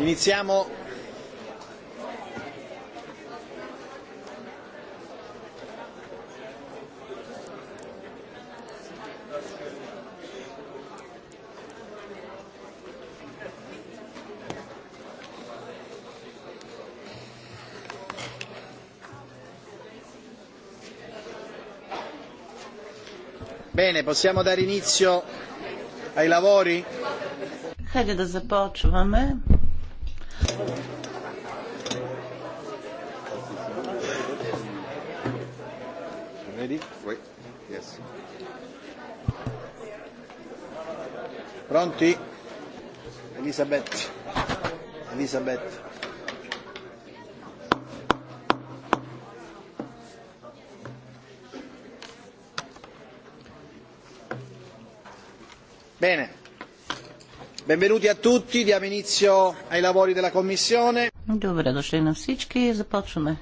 Iniziamo. Bene, possiamo dare inizio ai lavori? Хайде да започваме. Elisabeth. Elisabeth. Bene. Benvenuti a tutti, diamo inizio ai lavori della Commissione. Добре дошли на всички. Започваме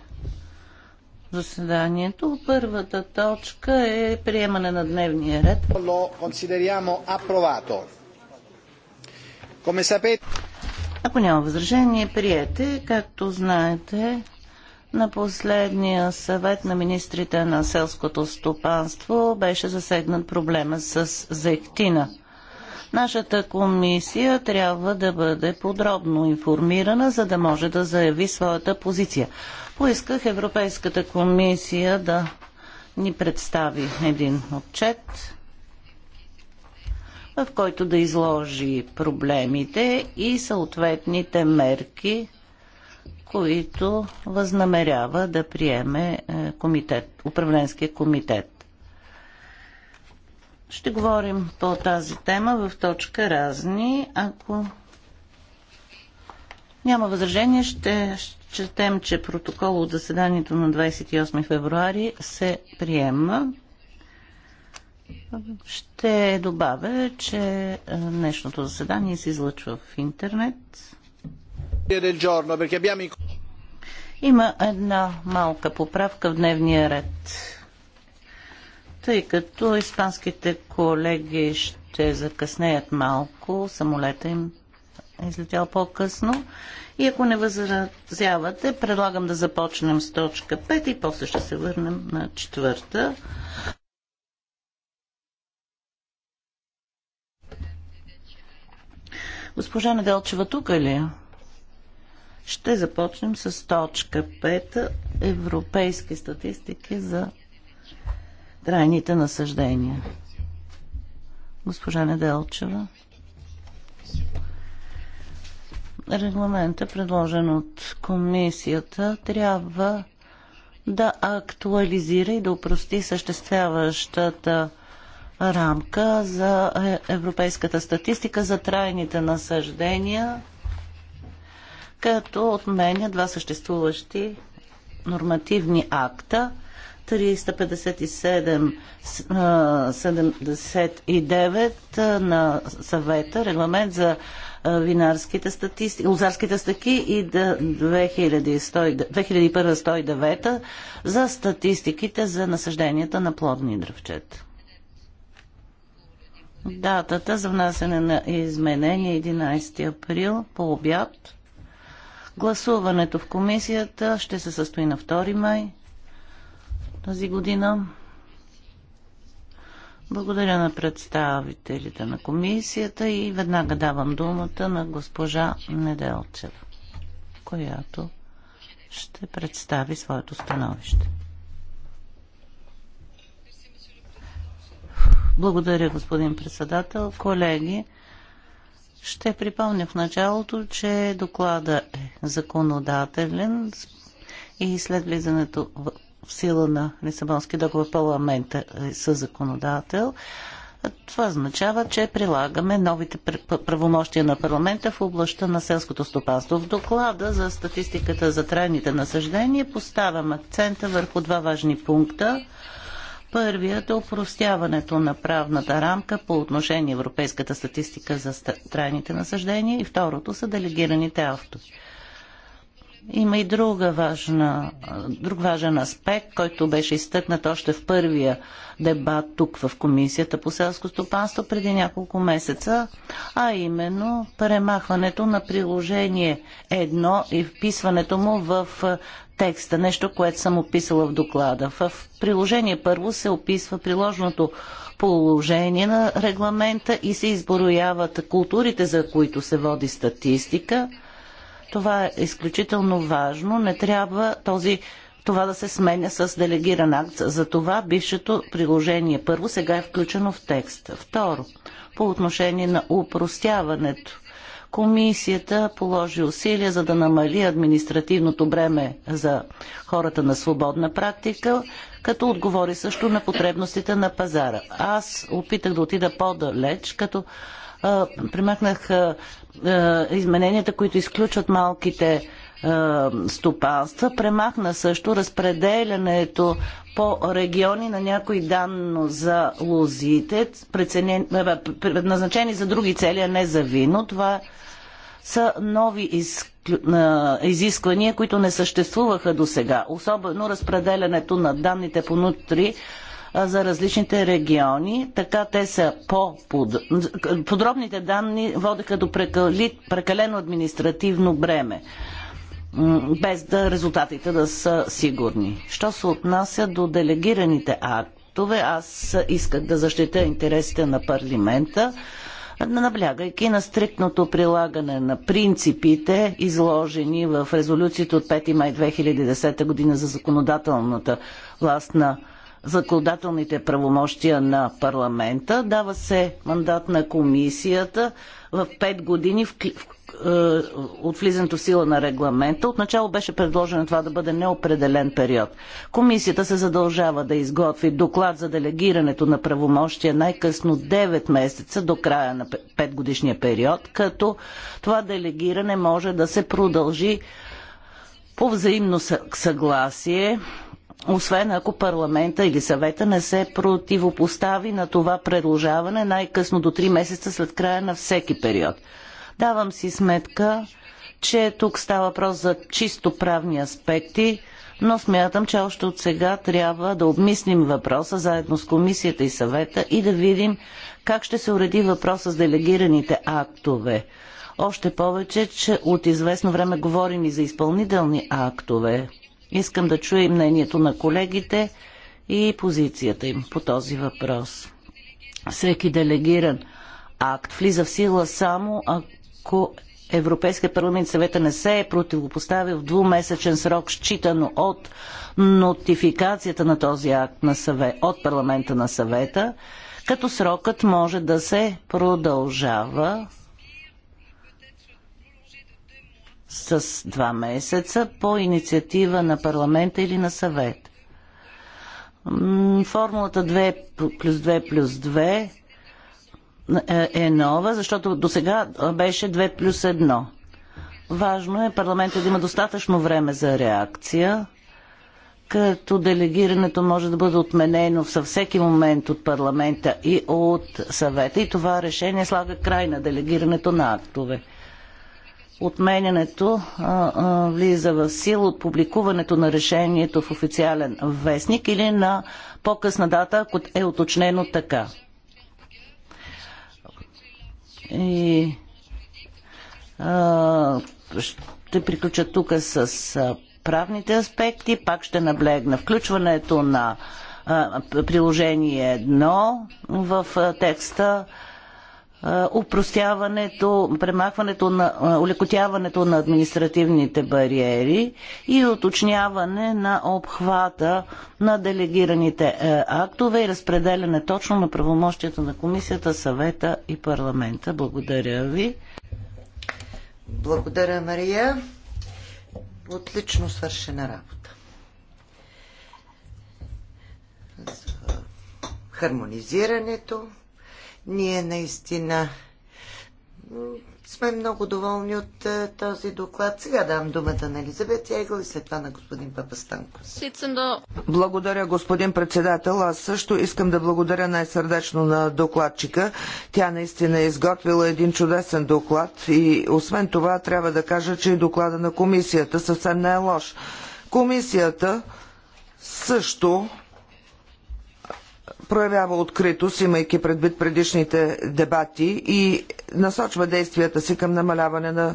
заседанието. Първата точка е приемане на дневния ред. Lo consideriamo approvato. Ако няма възражение, приете. Както знаете, на последния съвет на министрите на селското стопанство беше засегнат проблема с зектина. Нашата комисия трябва да бъде подробно информирана, за да може да заяви своята позиция. Поисках Европейската комисия да ни представи един отчет в който да изложи проблемите и съответните мерки, които възнамерява да приеме е, комитет, управленския комитет. Ще говорим по тази тема в точка разни. Ако няма възражение, ще четем, че протокол от заседанието на 28 февруари се приема. Ще добавя, че е, днешното заседание се излъчва в интернет. Има една малка поправка в дневния ред. Тъй като испанските колеги ще закъснеят малко, самолета им е излетял по-късно. И ако не възразявате, предлагам да започнем с точка 5 и после ще се върнем на четвърта. Госпожа Неделчева тук е ли? Ще започнем с точка 5. Европейски статистики за трайните насъждения. Госпожа Неделчева. Регламента, предложен от комисията, трябва да актуализира и да упрости съществяващата рамка за е, европейската статистика за трайните насъждения, като отменя два съществуващи нормативни акта 357-79 е, е, на съвета, регламент за винарските статистики, лозарските стъки и 2109 за статистиките за насъжденията на плодни дръвчета. Датата за внасене на изменение 11 април по обяд. Гласуването в комисията ще се състои на 2 май тази година. Благодаря на представителите на комисията и веднага давам думата на госпожа Неделчев, която ще представи своето становище. Благодаря, господин председател. Колеги, ще припомня в началото, че доклада е законодателен и след влизането в сила на Лисабонски договор парламента е със законодател. Това означава, че прилагаме новите правомощия на парламента в областта на селското стопанство. В доклада за статистиката за трайните насъждения поставям акцента върху два важни пункта – Първият е опростяването на правната рамка по отношение европейската статистика за трайните насъждения и второто са делегираните автори. Има и друга важна, друг важен аспект, който беше изтъкнат още в първия дебат тук в Комисията по селско стопанство преди няколко месеца, а именно премахването на приложение 1 и вписването му в текста, нещо, което съм описала в доклада. В приложение първо се описва приложното положение на регламента и се изборояват културите, за които се води статистика. Това е изключително важно. Не трябва този това да се сменя с делегиран акт. За това бившето приложение първо сега е включено в текста. Второ, по отношение на упростяването. Комисията положи усилия за да намали административното бреме за хората на свободна практика, като отговори също на потребностите на пазара. Аз опитах да отида по-далеч, като а, примахнах а, а, измененията, които изключват малките е, стопанства. Премахна също разпределянето по региони на някои данно за лозите, е, предназначени за други цели, а не за вино. Това са нови е, изисквания, които не съществуваха до сега. Особено разпределянето на данните по нутри за различните региони. Така те са по подробните данни водеха до прекалено административно бреме без да резултатите да са сигурни. Що се отнася до делегираните актове, аз исках да защитя интересите на парламента, наблягайки на стриктното прилагане на принципите, изложени в резолюцията от 5 май 2010 година за законодателната власт на законодателните правомощия на парламента. Дава се мандат на комисията в 5 години, е, от влизането в сила на регламента. Отначало беше предложено това да бъде неопределен период. Комисията се задължава да изготви доклад за делегирането на правомощия най-късно 9 месеца до края на 5 годишния период, като това делегиране може да се продължи по взаимно съгласие освен ако парламента или съвета не се противопостави на това предложаване най-късно до 3 месеца след края на всеки период. Давам си сметка, че тук става въпрос за чисто правни аспекти, но смятам, че още от сега трябва да обмислим въпроса заедно с комисията и съвета и да видим как ще се уреди въпроса с делегираните актове. Още повече, че от известно време говорим и за изпълнителни актове. Искам да чуя и мнението на колегите и позицията им по този въпрос. Всеки делегиран акт влиза в сила само ако Европейския парламент съвета не се е противопоставил в двумесечен срок, считано от нотификацията на този акт на съвет, от парламента на съвета, като срокът може да се продължава с два месеца по инициатива на парламента или на съвет. Формулата 2 плюс 2 плюс 2 е, е нова, защото до сега беше 2 плюс 1. Важно е парламентът да има достатъчно време за реакция, като делегирането може да бъде отменено във всеки момент от парламента и от съвета. И това решение слага край на делегирането на актове. Отменянето а, а, влиза в сила от публикуването на решението в официален вестник или на по-късна дата, ако е уточнено така. И а, ще приключа тук с правните аспекти. Пак ще наблегна включването на а, приложение 1 в а, текста упростяването, премахването на, улекотяването на административните бариери и уточняване на обхвата на делегираните е, актове и разпределяне точно на правомощията на комисията, съвета и парламента. Благодаря ви. Благодаря, Мария. Отлично свършена работа. За хармонизирането, ние наистина сме много доволни от този доклад. Сега давам думата на Елизабет Ягъл и след това на господин Папастанко. Благодаря, господин председател. Аз също искам да благодаря най-сърдечно на докладчика. Тя наистина е изготвила един чудесен доклад и освен това трябва да кажа, че и доклада на комисията съвсем не е лош. Комисията също проявява откритост, имайки предвид предишните дебати и насочва действията си към намаляване на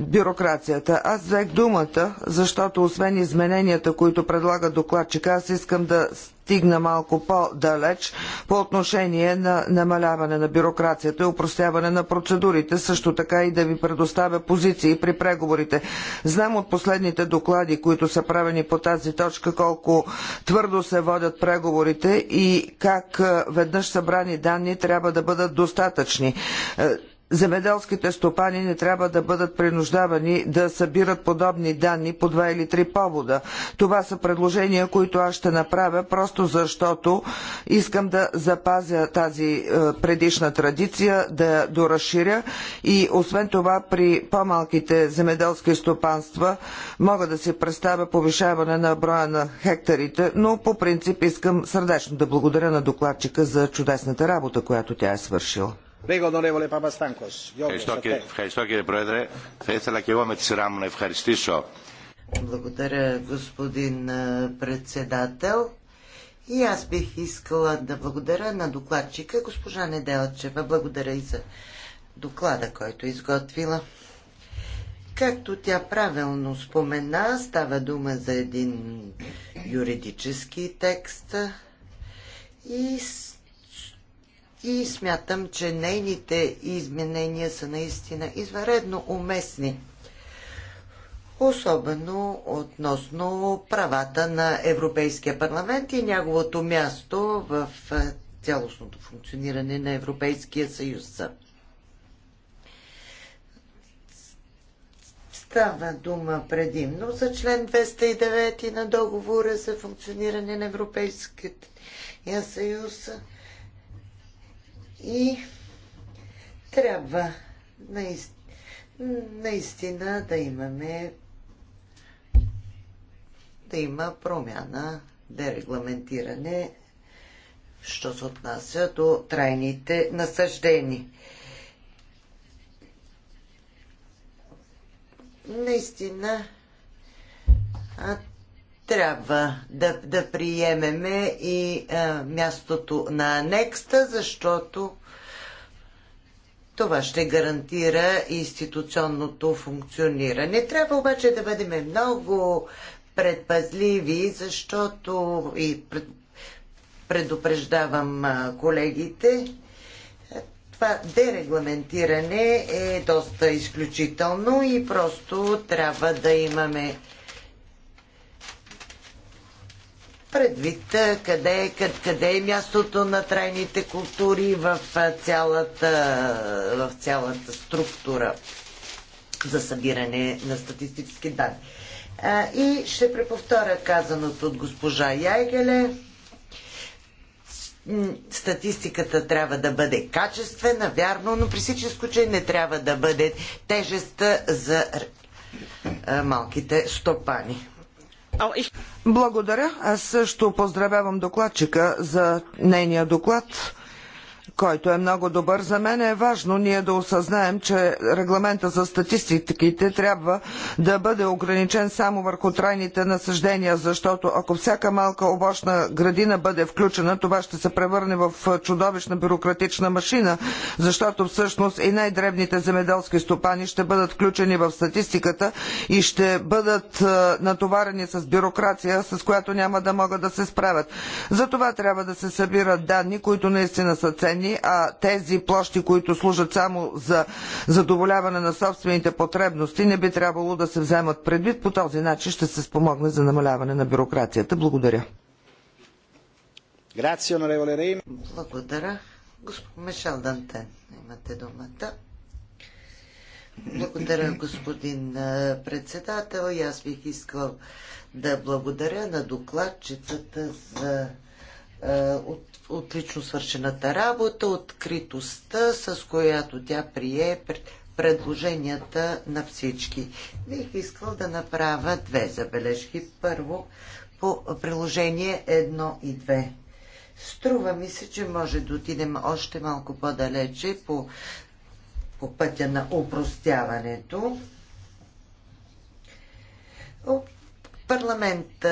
бюрокрацията. Аз взех думата, защото освен измененията, които предлага докладчика, аз искам да стигна малко по-далеч по отношение на намаляване на бюрокрацията и упростяване на процедурите, също така и да ви предоставя позиции при преговорите. Знам от последните доклади, които са правени по тази точка, колко твърдо се водят преговорите и как веднъж събрани данни трябва да бъдат достатъчни. Е, земеделските стопани не трябва да бъдат принуждавани да събират подобни данни по два или три повода. Това са предложения, които аз ще направя, просто защото искам да запазя тази е, предишна традиция, да я доразширя и освен това при по-малките земеделски стопанства мога да се представя повишаване на броя на хектарите, но по принцип искам сърдечно да благодаря на докладчика за чудесната работа, която тя е свършила. Ευχαριστώ κύριε Πρόεδρε. Θα ήθελα και εγώ με τη σειρά μου να ευχαριστήσω. Благодаря, господин председател. И аз бих искала да благодаря на докладчика, госпожа Неделчева. Благодаря и за доклада, който е изготвила. Както тя правилно спомена, става дума за един юридически текст и и смятам, че нейните изменения са наистина изваредно уместни. Особено относно правата на Европейския парламент и неговото място в цялостното функциониране на Европейския съюз. Става дума предимно за член 209 на договора за функциониране на Европейския съюз и трябва наистина, наистина да имаме да има промяна, дерегламентиране, що се отнася до трайните насъждени. Наистина, а трябва да, да приемеме и а, е, мястото на анекста, защото това ще гарантира институционното функциониране. Трябва обаче да бъдем много предпазливи, защото и пред, предупреждавам е, колегите, това дерегламентиране е доста изключително и просто трябва да имаме предвид къде, е, къде, къде е мястото на трайните култури в цялата, в цялата структура за събиране на статистически данни. И ще преповторя казаното от госпожа Яйгеле. Статистиката трябва да бъде качествена, вярно, но при всичко, че не трябва да бъде тежеста за малките стопани. Благодаря. Аз също поздравявам докладчика за нейния доклад който е много добър. За мен е важно ние да осъзнаем, че регламента за статистиките трябва да бъде ограничен само върху трайните насъждения, защото ако всяка малка овощна градина бъде включена, това ще се превърне в чудовищна бюрократична машина, защото всъщност и най-дребните земеделски стопани ще бъдат включени в статистиката и ще бъдат е, натоварени с бюрокрация, с която няма да могат да се справят. За това трябва да се събират данни, които наистина са ценни съкратени, а тези площи, които служат само за задоволяване на собствените потребности, не би трябвало да се вземат предвид. По този начин ще се спомогне за намаляване на бюрокрацията. Благодаря. Благодаря. Господин Мишел Дантен, имате думата. Благодаря, господин председател. И аз бих искал да благодаря на докладчицата за от отлично свършената работа, откритостта, с която тя прие предложенията на всички. Бих искал да направя две забележки. Първо, по приложение 1 и 2. Струва ми се, че може да отидем още малко по-далече по, по пътя на упростяването. Парламент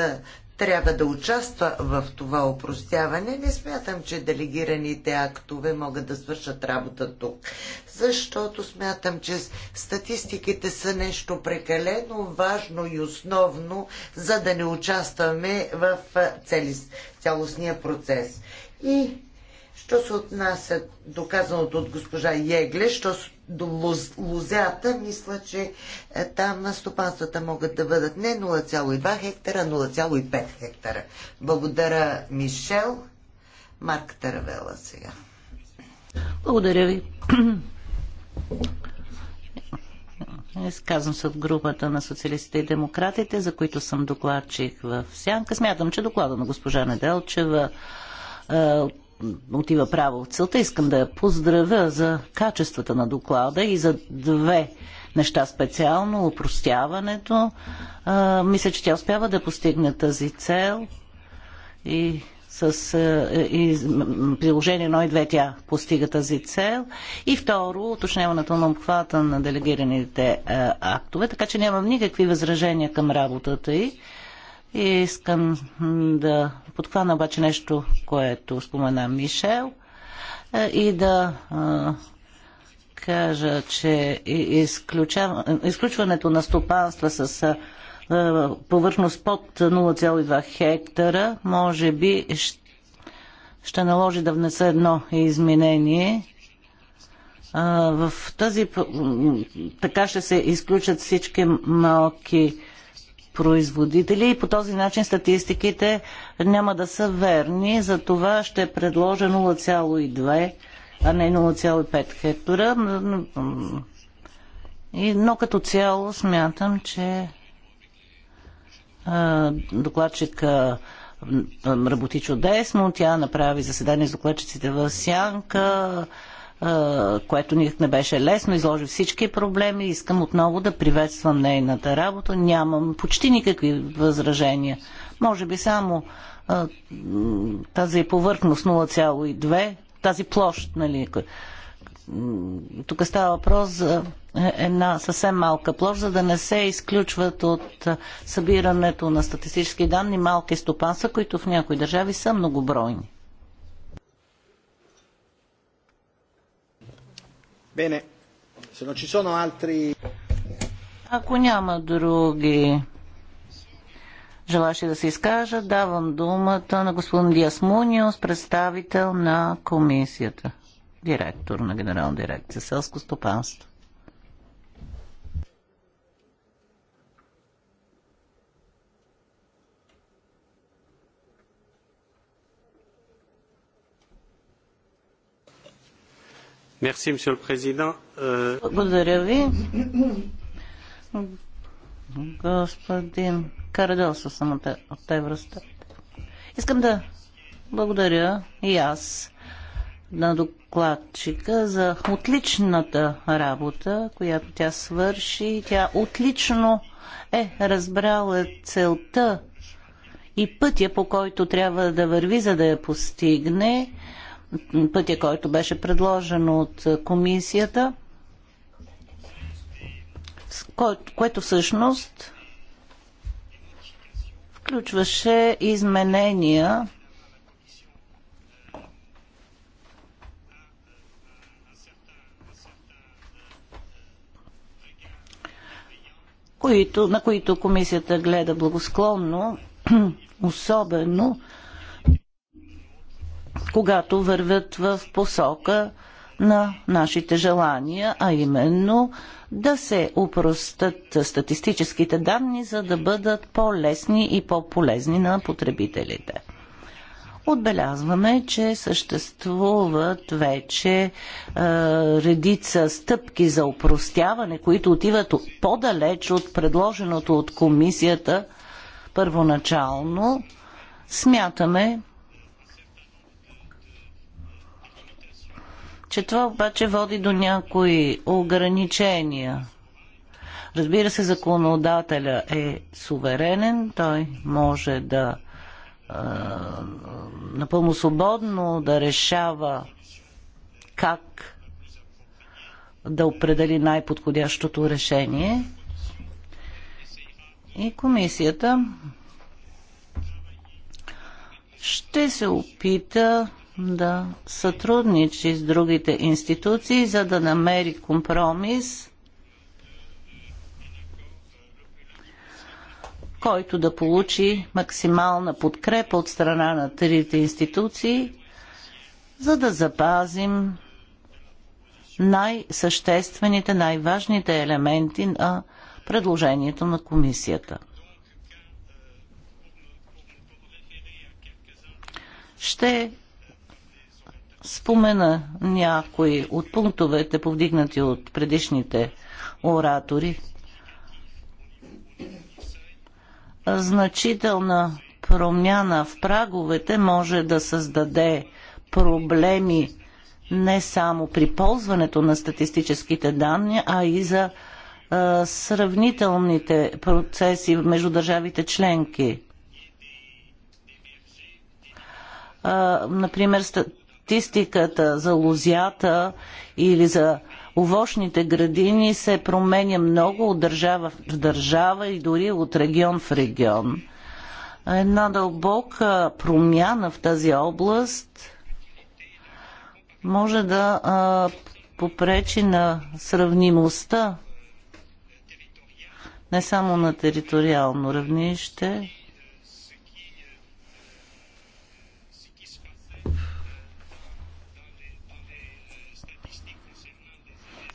трябва да участва в това опростяване, не смятам, че делегираните актове могат да свършат работа тук. Защото смятам, че статистиките са нещо прекалено важно и основно, за да не участваме в цялостния процес. И що се отнася доказаното от госпожа Егле, що се до лозята, мисля, че е, там стопанствата могат да бъдат не 0,2 хектара, 0,5 хектара. Благодаря, Мишел. Марк Таравела сега. Благодаря ви. Изказвам се от групата на социалистите и демократите, за които съм докладчик в Сянка. Смятам, че доклада на госпожа Неделчева е, отива право в целта. Искам да я поздравя за качествата на доклада и за две неща специално. Опростяването. А, мисля, че тя успява да постигне тази цел и с е, и, приложение 1 и 2 тя постига тази цел. И второ, уточняването на обхвата на делегираните е, актове, така че нямам никакви възражения към работата й. И искам да подхвана обаче нещо, което спомена Мишел е, и да кажа, че изключването на стопанства с повърхност под 0,2 хектара може би ще наложи да внеса едно изменение. В тази така ще се изключат всички малки производители и по този начин статистиките няма да са верни. За това ще предложа 0,2, а не 0,5 хектора. но като цяло смятам, че докладчика работи чудесно. Тя направи заседание с докладчиците в Сянка което никак не беше лесно, изложи всички проблеми. Искам отново да приветствам нейната работа. Нямам почти никакви възражения. Може би само тази повърхност 0,2, тази площ, нали, тук става въпрос за е, една съвсем малка площ, за да не се изключват от събирането на статистически данни малки стопанства, които в някои държави са многобройни. Bene, se non ci sono altri... Ако няма други желащи да се изкажат, давам думата на господин Диас Муниос, представител на комисията, директор на Генерална дирекция селско стопанство. Euh, благодаря ви. Господин Карадосов самата от, от Евростат. Искам да благодаря и аз на докладчика за отличната работа, която тя свърши. Тя отлично е разбрала целта и пътя, по който трябва да върви, за да я постигне пътя, който беше предложен от комисията, което всъщност включваше изменения които, на които комисията гледа благосклонно, особено когато вървят в посока на нашите желания, а именно да се упростат статистическите данни, за да бъдат по-лесни и по-полезни на потребителите. Отбелязваме, че съществуват вече е, редица стъпки за упростяване, които отиват по-далеч от предложеното от комисията първоначално. Смятаме, че това обаче води до някои ограничения. Разбира се, законодателя е суверенен, той може да е, напълно свободно да решава как да определи най-подходящото решение. И комисията ще се опита да сътрудничи с другите институции, за да намери компромис, който да получи максимална подкрепа от страна на трите институции, за да запазим най-съществените, най-важните елементи на предложението на комисията. Ще спомена някои от пунктовете, повдигнати от предишните оратори. Значителна промяна в праговете може да създаде проблеми не само при ползването на статистическите данни, а и за а, е, сравнителните процеси между държавите членки. А, е, например, статистиката за лозята или за овощните градини се променя много от държава в държава и дори от регион в регион. Една дълбока промяна в тази област може да а, попречи на сравнимостта не само на териториално равнище,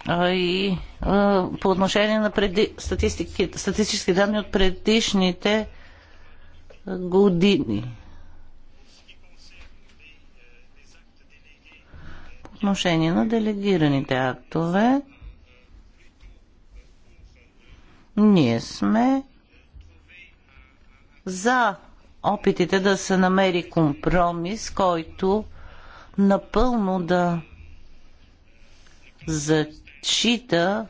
и по отношение на преди, статистически данни от предишните години. По отношение на делегираните актове, ние сме за опитите да се намери компромис, който напълно да за отчита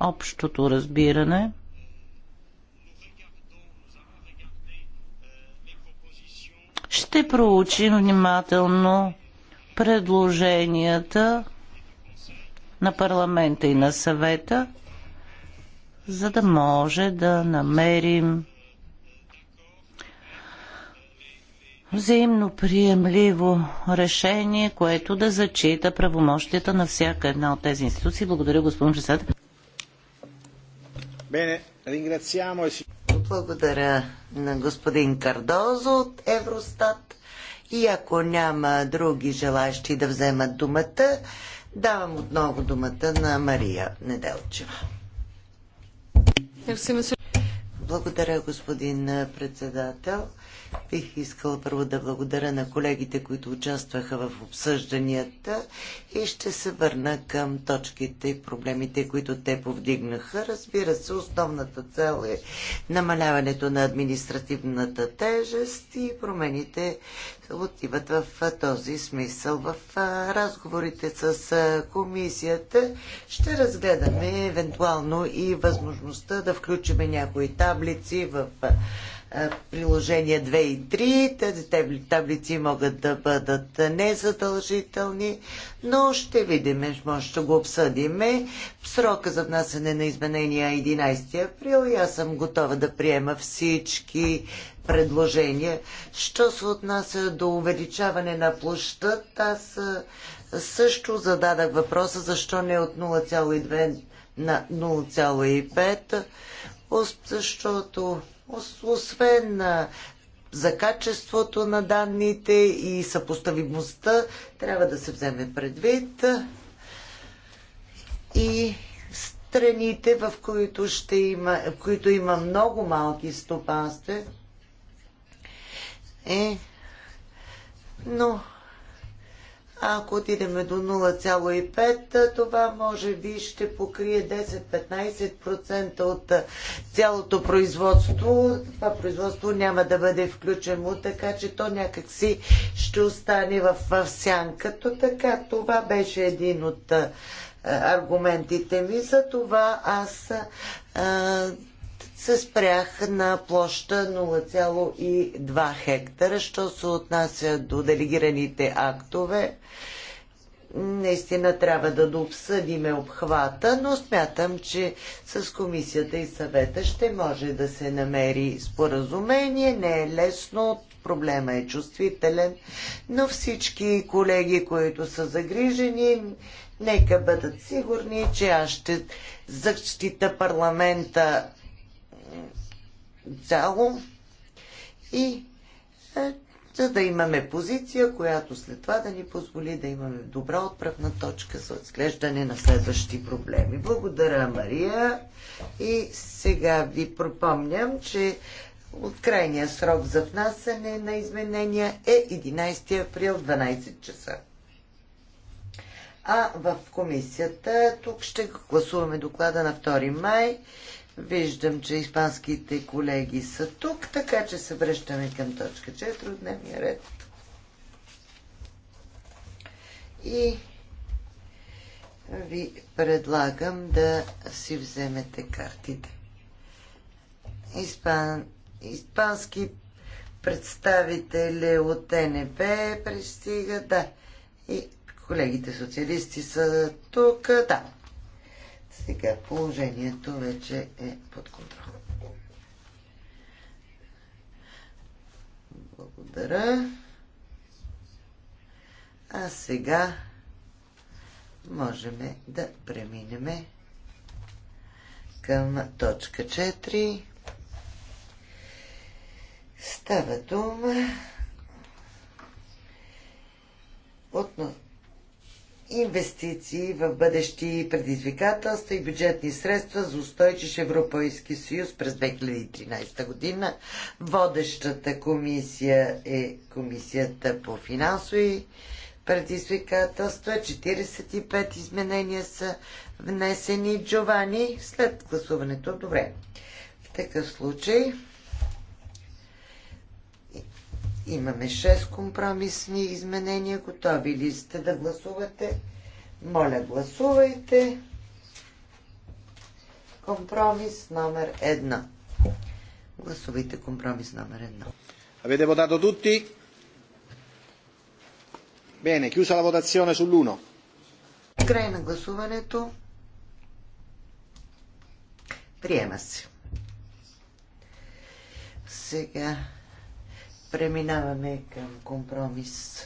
общото разбиране, ще проучим внимателно предложенията на парламента и на съвета, за да може да намерим взаимно приемливо решение, което да зачита правомощията на всяка една от тези институции. Благодаря, господин председател. Благодаря на господин Кардозо от Евростат. И ако няма други желащи да вземат думата, давам отново думата на Мария Неделчева. Благодаря, господин председател. Бих искала първо да благодаря на колегите, които участваха в обсъжданията и ще се върна към точките и проблемите, които те повдигнаха. Разбира се, основната цел е намаляването на административната тежест и промените отиват в този смисъл. В разговорите с комисията ще разгледаме евентуално и възможността да включим някои таблици в приложения 2 и 3. Тези таблици могат да бъдат незадължителни, но ще видим, може ще го обсъдиме. Срока за внасене на изменения е 11 април и аз съм готова да приема всички предложения. Що се отнася до увеличаване на площта, аз също зададах въпроса защо не от 0,2 на 0,5, защото освен за качеството на данните и съпоставимостта, трябва да се вземе предвид и страните, в които, ще има, в които има много малки стопанства, е, но ако отидем до 0,5, това може би ще покрие 10-15% от цялото производство. Това производство няма да бъде включено, така че то някакси ще остане в, в сянката. Така, това беше един от аргументите ми. За това аз а, се спрях на площа 0,2 хектара. Що се отнася до делегираните актове, наистина трябва да дообсъдиме обхвата, но смятам, че с комисията и съвета ще може да се намери споразумение. Не е лесно, проблема е чувствителен, но всички колеги, които са загрижени, нека бъдат сигурни, че аз ще защита парламента цяло и е, за да имаме позиция, която след това да ни позволи да имаме добра отправна точка за отглеждане на следващи проблеми. Благодаря, Мария. И сега ви пропомням, че от крайния срок за внасяне на изменения е 11 април 12 часа. А в комисията тук ще гласуваме доклада на 2 май Виждам, че испанските колеги са тук, така че се връщаме към точка 4 от дневния ред. И ви предлагам да си вземете картите. Испан... Испански представители от НП пристига, да. И колегите социалисти са тук, да. Сега положението вече е под контрол. Благодаря. А сега можем да преминем към точка 4. Става дума относно инвестиции в бъдещи предизвикателства и бюджетни средства за устойчив Европейски съюз през 2013 година. Водещата комисия е Комисията по финансови предизвикателства. 45 изменения са внесени. Джовани, след гласуването, добре. В такъв случай Имаме 6 компромисни изменения. Готови ли сте да гласувате? Моля, гласувайте. Компромис номер 1. Гласувайте компромис номер 1. Avete votato tutti? Bene, chiusa la votazione sull'1. Край на гласуването. Приема се. Сега Преминаваме към компромис.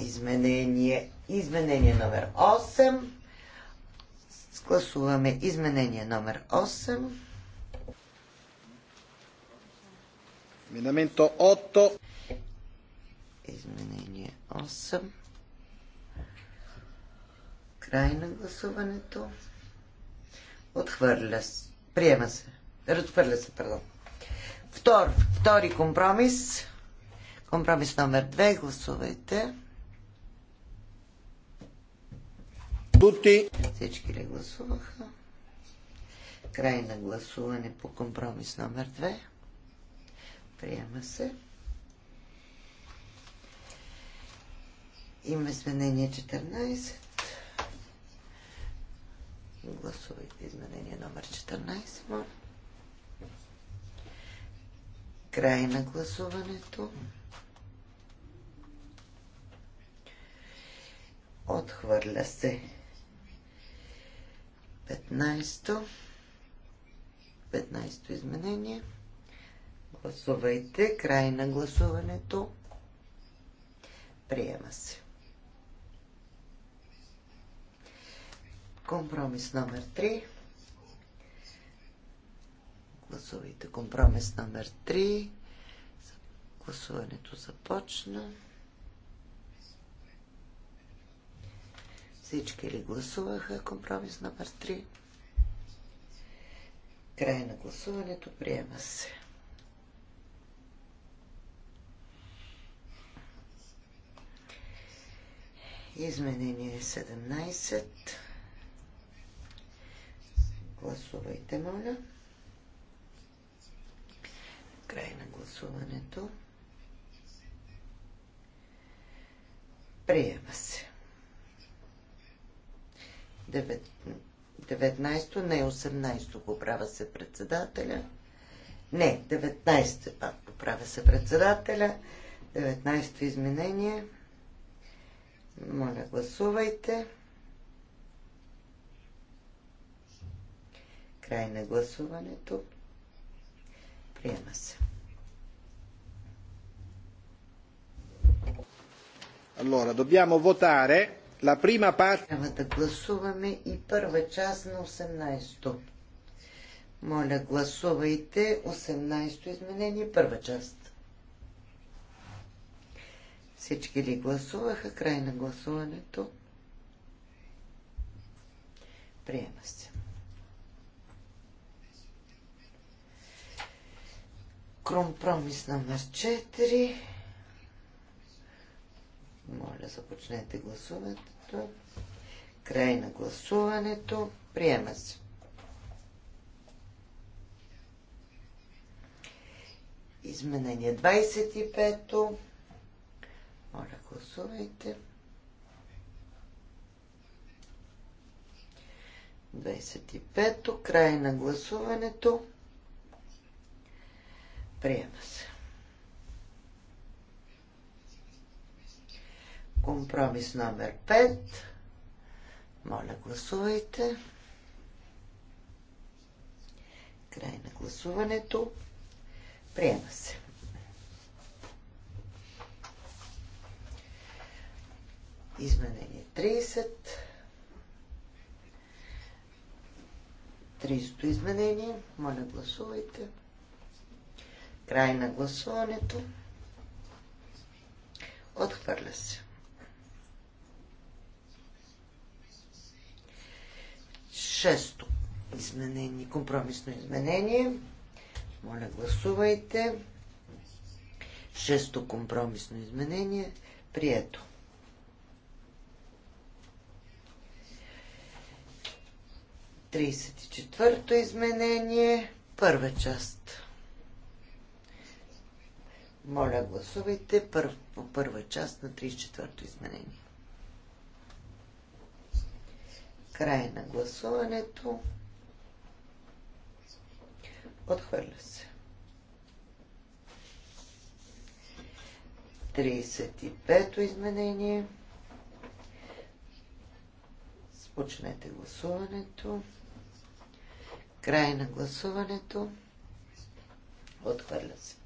Изменение. Изменение номер 8. Сгласуваме изменение номер 8. Минаменто 8. Изменение 8. Край на гласуването. Отхвърля се. Приема се. Разхвърля се, пардон. Втор, втори компромис. Компромис номер 2. Гласувайте. Бути. Всички ли гласуваха? Край на гласуване по компромис номер 2. Приема се. Има изменение 14. Гласувайте изменение номер 14, моля. Край на гласуването. Отхвърля се. 15-то. 15-то изменение. Гласувайте. Край на гласуването. Приема се. Компромис номер 3 гласувайте. Компромис номер 3. Гласуването започна. Всички ли гласуваха? Компромис номер 3. Край на гласуването. Приема се. Изменение 17. Гласувайте, моля. Край на гласуването. Приема се. 19-то, не 18-то поправя се председателя. Не, 19 те пак поправя се председателя. 19-то изменение. Моля, гласувайте. Край на гласуването. Приема се. Allora, dobbiamo votare la prima parte. Трябва да гласуваме и първа част на 18-то. Моля, гласувайте 18-то изменение, първа част. Всички ли гласуваха? Край на гласуването. Приема се. Компромис номер 4. Моля, започнете гласуването. Край на гласуването. Приема се. Изменение 25-то. Моля, гласувайте. 25-то. Край на гласуването. Приема се. Компромис номер 5. Моля, гласувайте. Край на гласуването. Приема се. Изменение 30. 30 изменение. Моля, гласувайте. Край на гласуването. Отхвърля се. Шесто изменение, компромисно изменение. Моля, гласувайте. Шесто компромисно изменение. Прието. Тридесет и четвърто изменение. Първа част. Моля, гласувайте по първа част на 34-то изменение. Край на гласуването. Отхвърля се. 35-то изменение. Спочнете гласуването. Край на гласуването. Отхвърля се.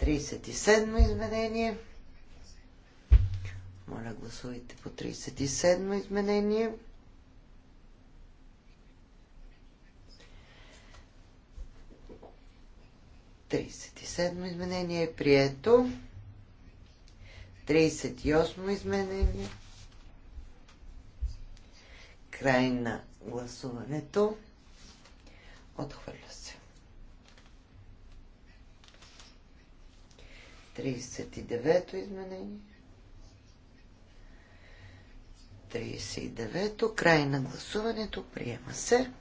37 изменение. Моля, гласувайте по 37 изменение. Тридесет седмо изменение е прието. 38 осмо изменение. Край на гласуването. Отхвърля се. 39-то изменение. 39-то. Край на гласуването. Приема се.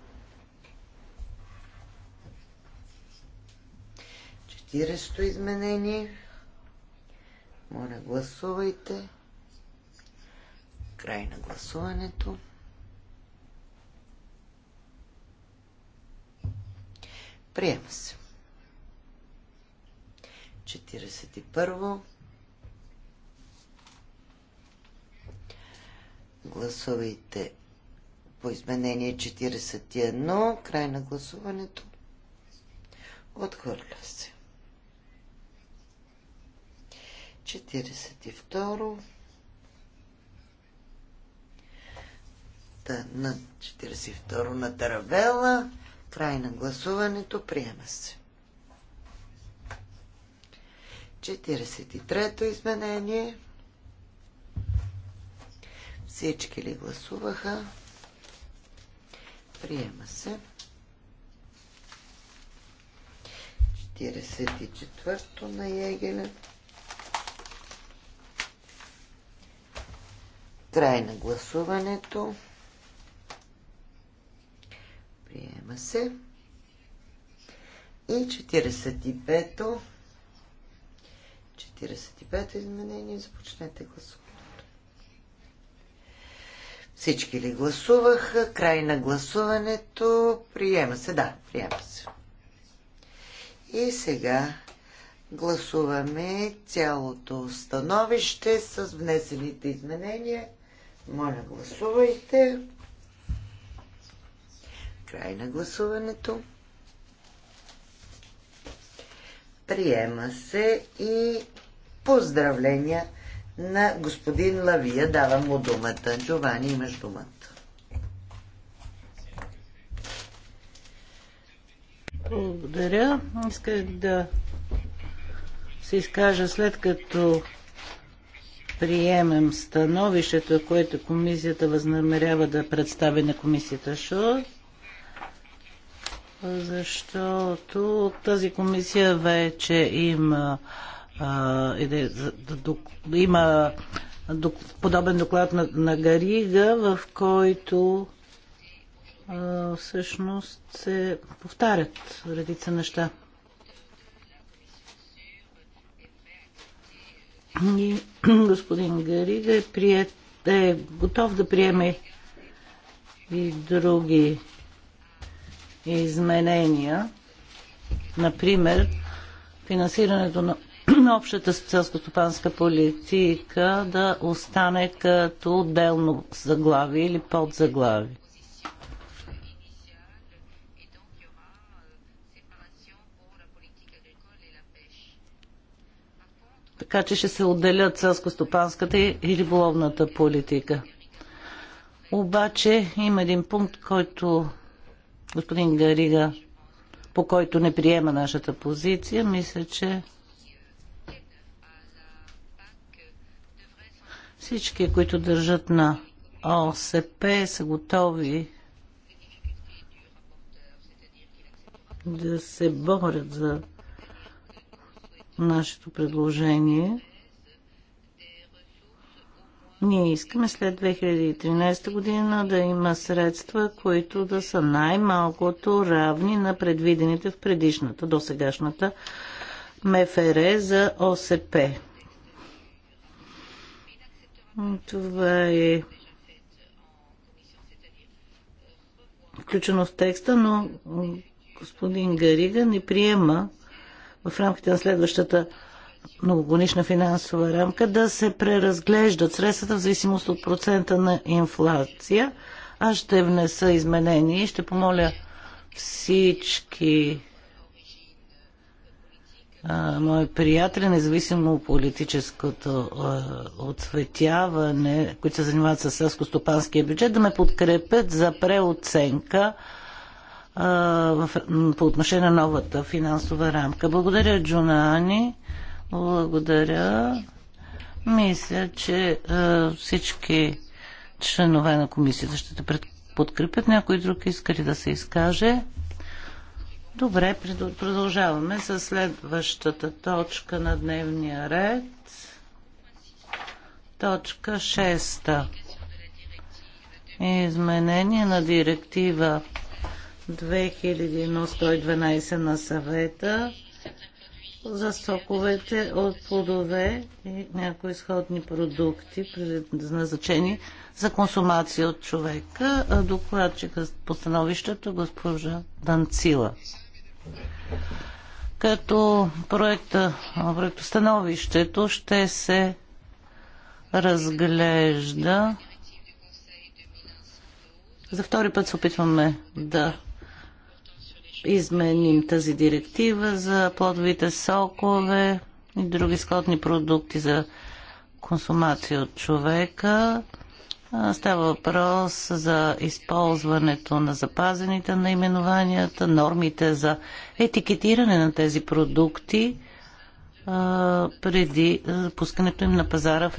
40-то изменение. Моля, гласувайте. Край на гласуването. Приема се. 41. Гласувайте по изменение 41. Край на гласуването. Отхвърля се. 42. на 42 на Таравела. Край на гласуването. Приема се. 43-то изменение. Всички ли гласуваха? Приема се. 44-то на Егеля. Край на гласуването. Приема се. И 45-то. 45-то изменение. Започнете гласуването. Всички ли гласуваха? Край на гласуването. Приема се. Да, приема се. И сега гласуваме цялото становище с внесените изменения. Моля, гласувайте. Край на гласуването. Приема се и Поздравления на господин Лавия. Давам му думата. Джовани, имаш думата. Благодаря. Исках да се изкажа след като приемем становището, което комисията възнамерява да представи на комисията ШО, защото тази комисия вече има има подобен доклад на, на Гарига, в който а, всъщност се повтарят редица неща. И господин Гарига е, прият, е готов да приеме и други изменения. Например, финансирането на общата селскостопанска политика да остане като отделно заглави или подзаглави. Така че ще се отделят селскостопанската и риболовната политика. Обаче има един пункт, който господин Гарига, по който не приема нашата позиция. Мисля, че Всички, които държат на ОСП, са готови да се борят за нашето предложение. Ние искаме след 2013 година да има средства, които да са най-малкото равни на предвидените в предишната, досегашната МФР за ОСП. Това е включено в текста, но господин Гарига не приема в рамките на следващата многогонична финансова рамка да се преразглеждат средствата в зависимост от процента на инфлация. Аз ще внеса изменения и ще помоля всички а, мой приятел, независимо политическото отсветяване, които се занимават с селско-стопанския бюджет, да ме подкрепят за преоценка по отношение на новата финансова рамка. Благодаря, Джунани. Благодаря. Мисля, че всички членове на комисията ще те подкрепят. Някой друг иска ли да се изкаже? Добре, продължаваме с следващата точка на дневния ред. Точка 6. Изменение на директива 2112 на съвета за соковете от плодове и някои изходни продукти, предназначени за консумация от човека. Докладчика по становището госпожа Данцила като проекта, проектостановището ще се разглежда. За втори път се опитваме да изменим тази директива за плодовите сокове и други сходни продукти за консумация от човека. Става въпрос за използването на запазените наименованията, нормите за етикетиране на тези продукти преди пускането им на пазара в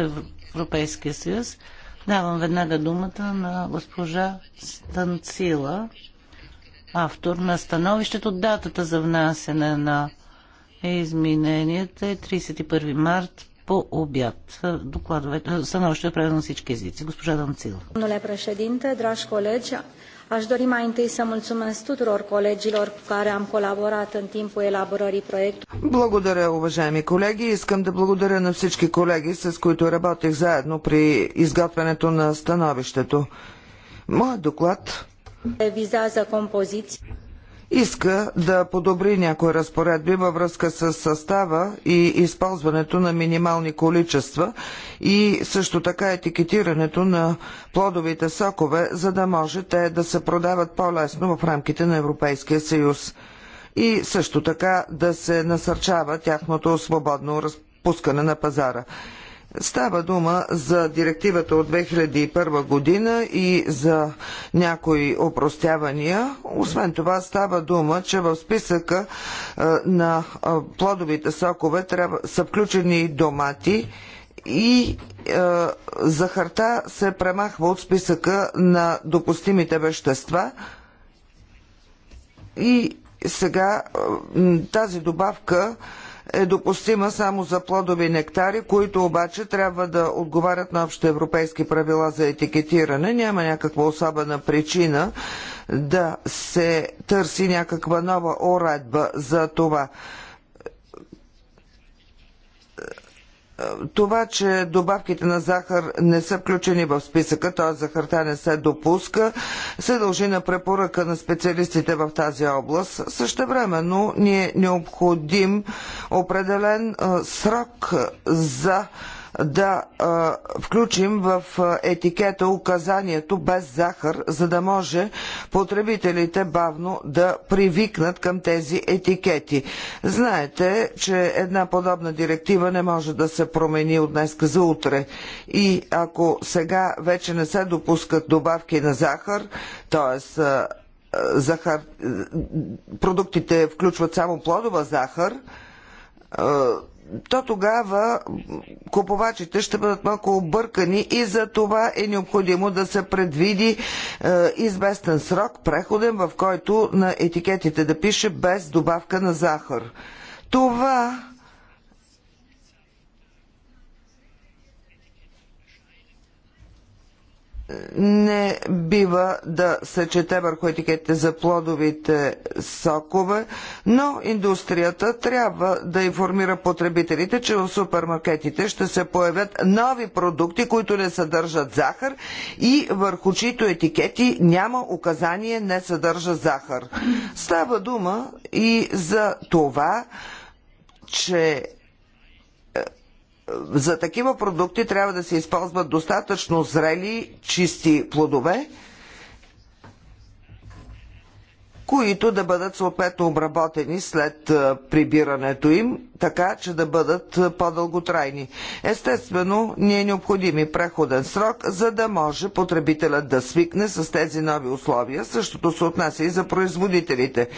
Европейския съюз. Давам веднага думата на госпожа Станцила, автор на становището. Датата за внасене на измененията е 31 март по обяд. Докладовете са на още преведено на всички езици. Госпожа Данцила. Domnule președinte, dragi colegi, aș dori mai întâi să mulțumesc tuturor colegilor cu care am colaborat în timpul elaborării proiectului. Благодаря, уважаеми колеги. Искам да благодаря на всички колеги, с които работих заедно при изготвянето на становището. Моят доклад визează compoziția иска да подобри някои разпоредби във връзка с състава и използването на минимални количества и също така етикетирането на плодовите сокове, за да може те да се продават по-лесно в рамките на Европейския съюз и също така да се насърчава тяхното свободно разпускане на пазара. Става дума за директивата от 2001 година и за някои опростявания. Освен това става дума, че в списъка е, на е, плодовите сокове трябва, са включени домати и е, захарта се премахва от списъка на допустимите вещества и сега е, тази добавка е, е допустима само за плодови нектари, които обаче трябва да отговарят на общоевропейски правила за етикетиране. Няма някаква особена причина да се търси някаква нова уредба за това. Това, че добавките на захар не са включени в списъка, т.е. захарта не се допуска, се дължи на препоръка на специалистите в тази област. Същевременно ни е необходим определен срок за да а, включим в етикета указанието без захар, за да може потребителите бавно да привикнат към тези етикети. Знаете, че една подобна директива не може да се промени от днес за утре. И ако сега вече не се допускат добавки на захар, т.е. Захар, продуктите включват само плодова захар, то тогава купувачите ще бъдат малко объркани и за това е необходимо да се предвиди е, известен срок, преходен, в който на етикетите да пише без добавка на захар. Това не бива да се чете върху етикетите за плодовите сокове, но индустрията трябва да информира потребителите, че в супермаркетите ще се появят нови продукти, които не съдържат захар и върху чието етикети няма указание не съдържа захар. Става дума и за това, че за такива продукти трябва да се използват достатъчно зрели, чисти плодове, които да бъдат съответно обработени след прибирането им, така че да бъдат по-дълготрайни. Естествено, ни е необходим и преходен срок, за да може потребителят да свикне с тези нови условия. Същото се отнася и за производителите.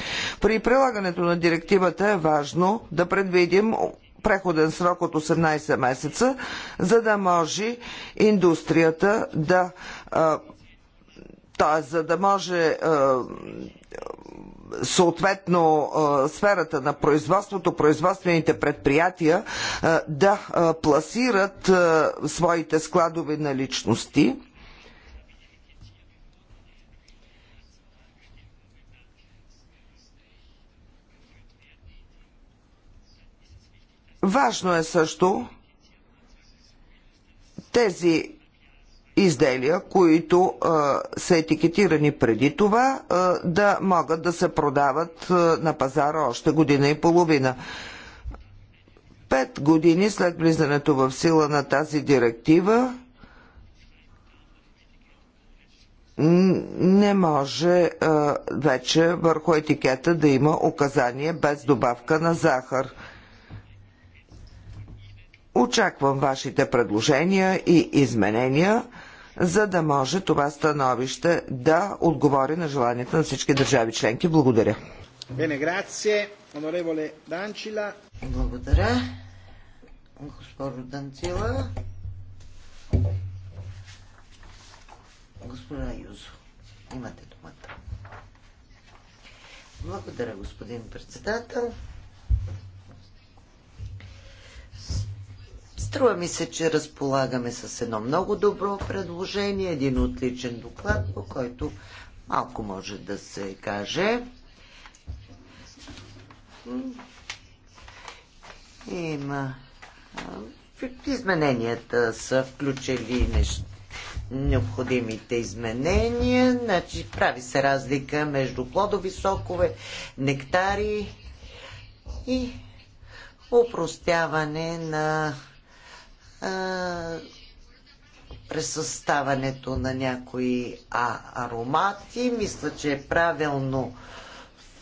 При прилагането на директивата е важно да предвидим преходен срок от 18 месеца, за да може индустрията да. Т.е. за да може съответно сферата на производството, производствените предприятия да пласират своите складове на личности Важно е също тези изделия, които а, са етикетирани преди това, а, да могат да се продават а, на пазара още година и половина. Пет години след влизането в сила на тази директива не може а, вече върху етикета да има указание без добавка на захар – Очаквам вашите предложения и изменения, за да може това становище да отговори на желанията на всички държави членки. Благодаря. Bene, grazie, onorevole Благодаря, госпожо Данцила. Госпожа Юзо, имате думата. Благодаря, господин председател. Струва ми се, че разполагаме с едно много добро предложение, един отличен доклад, по който малко може да се каже. Има. Измененията са включили нещо необходимите изменения. Значи, прави се разлика между плодови сокове, нектари и упростяване на Пресъставането на някои а, аромати. Мисля, че е правилно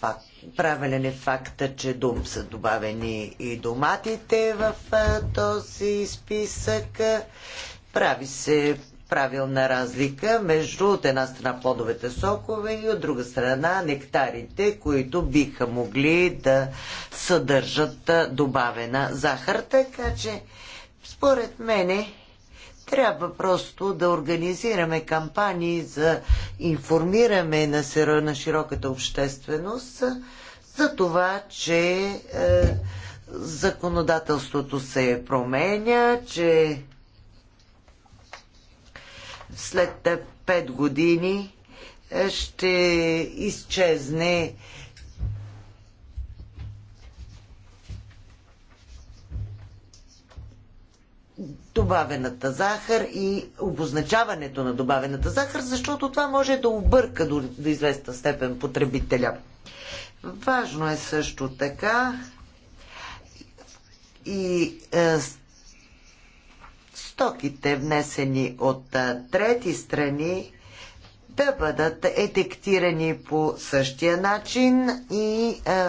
факт, правилен е факта, че дом са добавени и доматите в а, този списък. Прави се правилна разлика между от една страна плодовете сокове и от друга страна нектарите, които биха могли да съдържат добавена захар. Така че според мене, трябва просто да организираме кампании за информираме на, на широката общественост за това, че е, законодателството се променя, че след 5 години е, ще изчезне добавената захар и обозначаването на добавената захар, защото това може да обърка до, до известна степен потребителя. Важно е също така и е, стоките, внесени от е, трети страни, да бъдат етектирани по същия начин и е,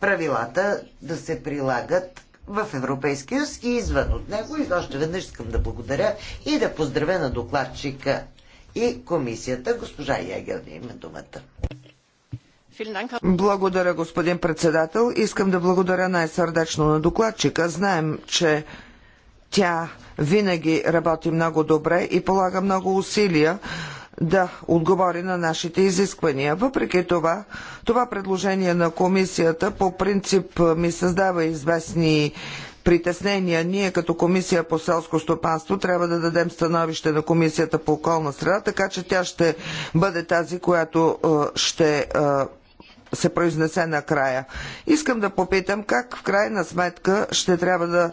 правилата да се прилагат в Европейския съюз и извън от него. И още веднъж искам да благодаря и да поздравя на докладчика и комисията. Госпожа Ягел, има думата. Благодаря, господин председател. Искам да благодаря най-сърдечно на докладчика. Знаем, че тя винаги работи много добре и полага много усилия да отговори на нашите изисквания. Въпреки това, това предложение на комисията по принцип ми създава известни притеснения. Ние като комисия по селско стопанство трябва да дадем становище на комисията по околна среда, така че тя ще бъде тази, която е, ще е, се произнесе накрая. Искам да попитам как в крайна сметка ще трябва да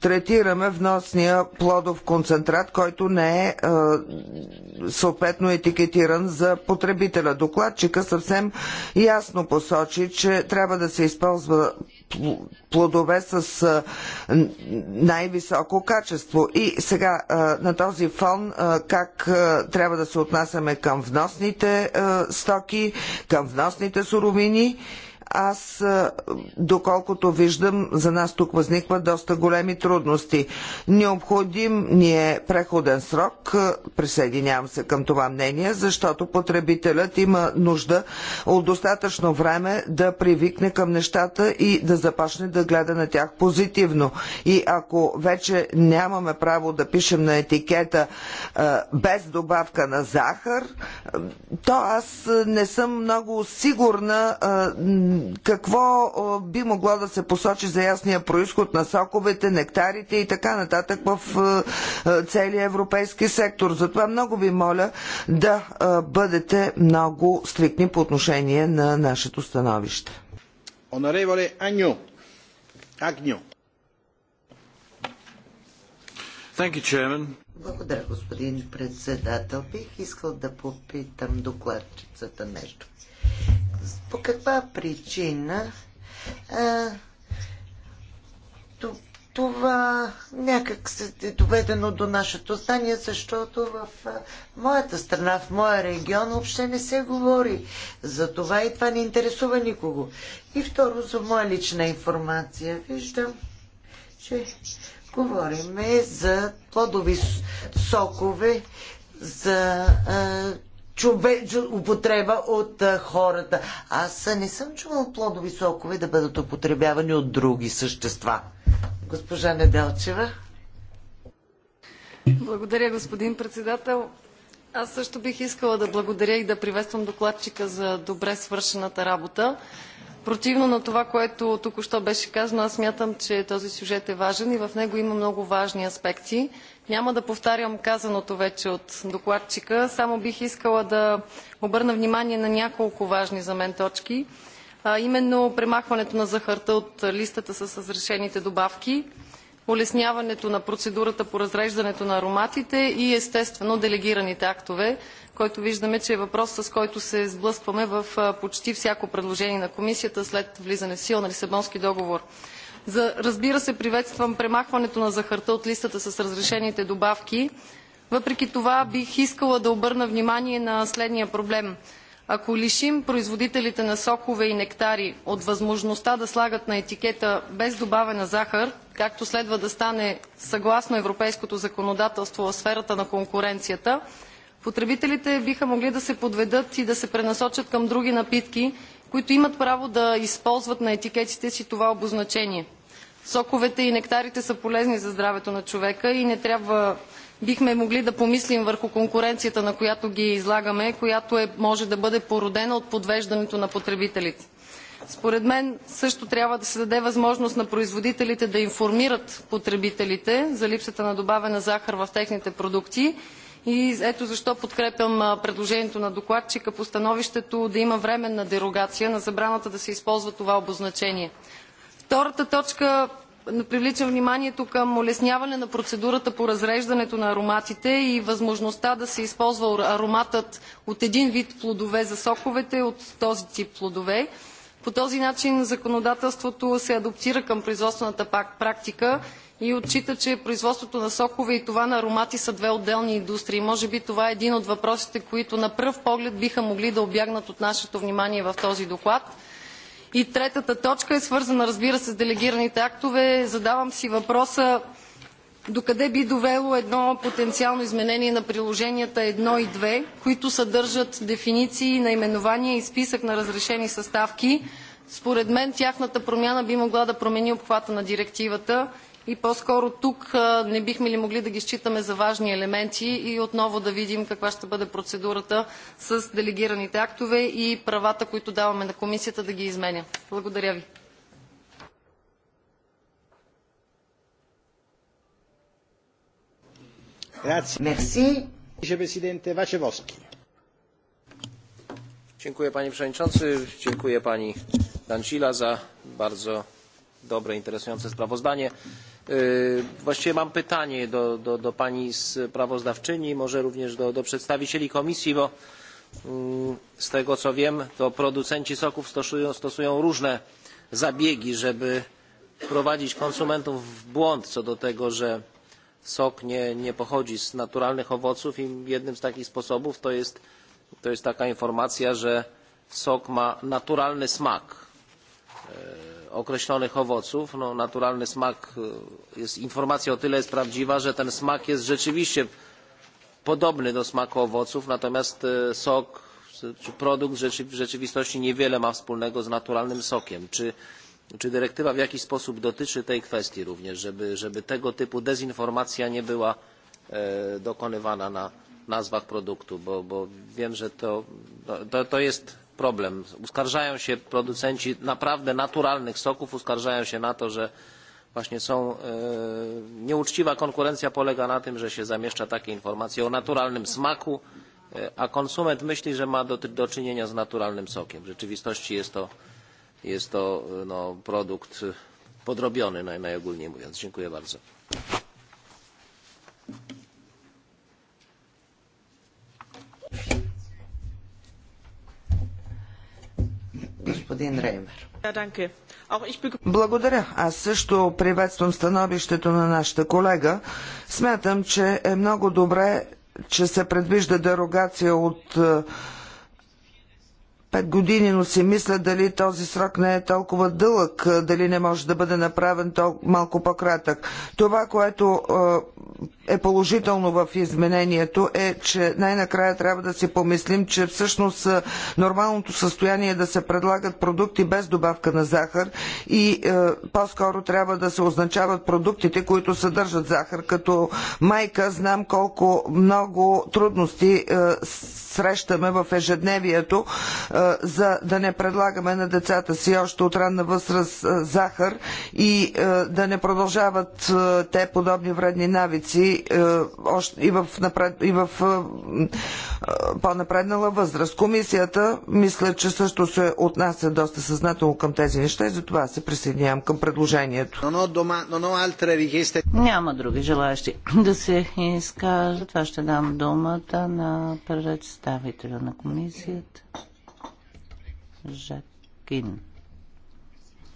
третираме вносния плодов концентрат, който не е, е съответно етикетиран за потребителя. Докладчика съвсем ясно посочи, че трябва да се използва плодове с най-високо качество. И сега на този фон как трябва да се отнасяме към вносните стоки, към вносните суровини аз, доколкото виждам, за нас тук възникват доста големи трудности. Необходим ни е преходен срок, присъединявам се към това мнение, защото потребителят има нужда от достатъчно време да привикне към нещата и да започне да гледа на тях позитивно. И ако вече нямаме право да пишем на етикета без добавка на захар, то аз не съм много сигурна какво би могло да се посочи за ясния происход на соковете, нектарите и така нататък в целия европейски сектор. Затова много ви моля да бъдете много стрикни по отношение на нашето становище. Благодаря, господин председател. Бих искал да попитам докладчицата нещо по каква причина а, това някак се е доведено до нашето знание, защото в моята страна, в моя регион въобще не се говори за това и това не интересува никого. И второ, за моя лична информация. Виждам, че говориме за плодови сокове, за чове, употреба от а, хората. Аз не съм чувал плодови сокове да бъдат употребявани от други същества. Госпожа Неделчева. Благодаря, господин председател. Аз също бих искала да благодаря и да приветствам докладчика за добре свършената работа. Противно на това, което току-що беше казано, аз смятам, че този сюжет е важен и в него има много важни аспекти. Няма да повтарям казаното вече от докладчика, само бих искала да обърна внимание на няколко важни за мен точки, а именно премахването на захарта от листата с разрешените добавки, улесняването на процедурата по разреждането на ароматите и естествено делегираните актове, който виждаме, че е въпрос, с който се сблъскваме в почти всяко предложение на комисията след влизане в сила на Лисабонски договор. За, разбира се, приветствам премахването на захарта от листата с разрешените добавки. Въпреки това бих искала да обърна внимание на следния проблем. Ако лишим производителите на сокове и нектари от възможността да слагат на етикета без добавена захар, както следва да стане съгласно европейското законодателство в сферата на конкуренцията, потребителите биха могли да се подведат и да се пренасочат към други напитки, които имат право да използват на етикетите си това обозначение. Соковете и нектарите са полезни за здравето на човека и не трябва бихме могли да помислим върху конкуренцията, на която ги излагаме, която е, може да бъде породена от подвеждането на потребителите. Според мен също трябва да се даде възможност на производителите да информират потребителите за липсата на добавена захар в техните продукти и ето защо подкрепям предложението на докладчика по становището да има временна дерогация на забраната да се използва това обозначение. Втората точка привлича вниманието към улесняване на процедурата по разреждането на ароматите и възможността да се използва ароматът от един вид плодове за соковете от този тип плодове. По този начин законодателството се адаптира към производствената практика и отчита, че производството на сокове и това на аромати са две отделни индустрии. Може би това е един от въпросите, които на пръв поглед биха могли да обягнат от нашето внимание в този доклад. И третата точка е свързана, разбира се, с делегираните актове. Задавам си въпроса докъде би довело едно потенциално изменение на приложенията 1 и 2, които съдържат дефиниции, наименования и списък на разрешени съставки. Според мен тяхната промяна би могла да промени обхвата на директивата и по-скоро тук не бихме ли могли да ги считаме за важни елементи и отново да видим каква ще бъде процедурата с делегираните актове и правата, които даваме на комисията да ги изменя. Благодаря ви. Merci. Dziękuję panie przewodniczący, dziękuję pani Dancila za bardzo dobre, interesujące sprawozdanie. Właściwie mam pytanie do, pani sprawozdawczyni, może również do, przedstawicieli komisji, bo z tego co wiem, to producenci soków stosują, różne zabiegi, żeby wprowadzić konsumentów w błąd co do tego, że sok nie, pochodzi z naturalnych owoców i jednym z takich sposobów to jest, taka informacja, że sok ma naturalny smak określonych owoców. No, naturalny smak, jest, informacja o tyle jest prawdziwa, że ten smak jest rzeczywiście podobny do smaku owoców, natomiast sok czy produkt w rzeczywistości niewiele ma wspólnego z naturalnym sokiem. Czy, czy dyrektywa w jakiś sposób dotyczy tej kwestii również, żeby, żeby tego typu dezinformacja nie była dokonywana na nazwach produktów, bo, bo wiem, że to, to, to jest problem. Uskarżają się producenci naprawdę naturalnych soków, uskarżają się na to, że właśnie są nieuczciwa konkurencja polega na tym, że się zamieszcza takie informacje o naturalnym smaku, a konsument myśli, że ma do, czynienia z naturalnym sokiem. W rzeczywistości jest to, produkt podrobiony, najogólniej mówiąc. Dziękuję bardzo. господин Реймер. Благодаря. Аз също приветствам становището на нашата колега. Смятам, че е много добре, че се предвижда дерогация от е, пет години, но си мисля дали този срок не е толкова дълъг, е, дали не може да бъде направен малко по-кратък. Това, което е, е положително в изменението е, че най-накрая трябва да си помислим, че всъщност е, нормалното състояние е да се предлагат продукти без добавка на захар и е, по-скоро трябва да се означават продуктите, които съдържат захар. Като майка знам колко много трудности е, срещаме в ежедневието, е, за да не предлагаме на децата си още от ранна възраст е, захар и е, да не продължават те подобни вредни навици е, и в, напред, и в е, е, по-напреднала възраст. Комисията мисля, че също се отнася доста съзнателно към тези неща и затова се присъединявам към предложението. Няма други желаящи да се изкажат. Това ще дам думата на представителя на комисията. Жакин.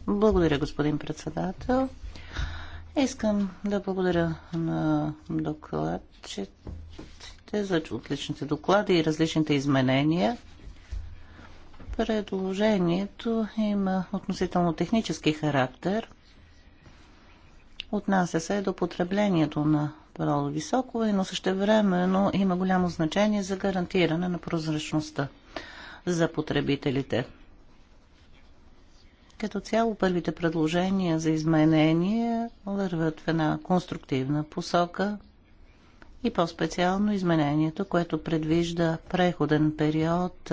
Благодаря, господин председател. Искам да благодаря на докладчите за отличните доклади и различните изменения. Предложението има относително технически характер. Отнася се до потреблението на паролови сокове, но същевременно има голямо значение за гарантиране на прозрачността за потребителите. Като цяло първите предложения за изменение върват в една конструктивна посока и по-специално изменението, което предвижда преходен период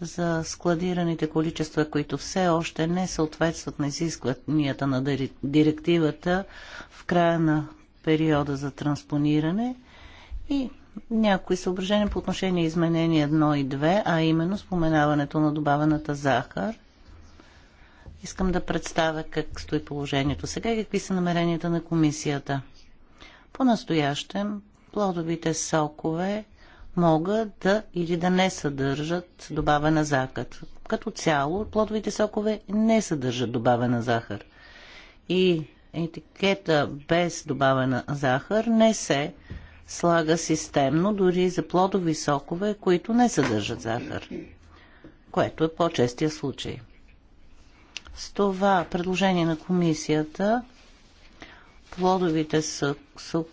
за складираните количества, които все още не съответстват на изискванията на директивата в края на периода за транспониране и някои съображения по отношение изменения 1 и 2, а именно споменаването на добавената захар Искам да представя как стои положението сега и какви са намеренията на комисията. По-настоящем плодовите сокове могат да или да не съдържат добавена захар. Като цяло, плодовите сокове не съдържат добавена захар. И етикета без добавена захар не се слага системно дори за плодови сокове, които не съдържат захар, което е по-честия случай. С това предложение на комисията плодовите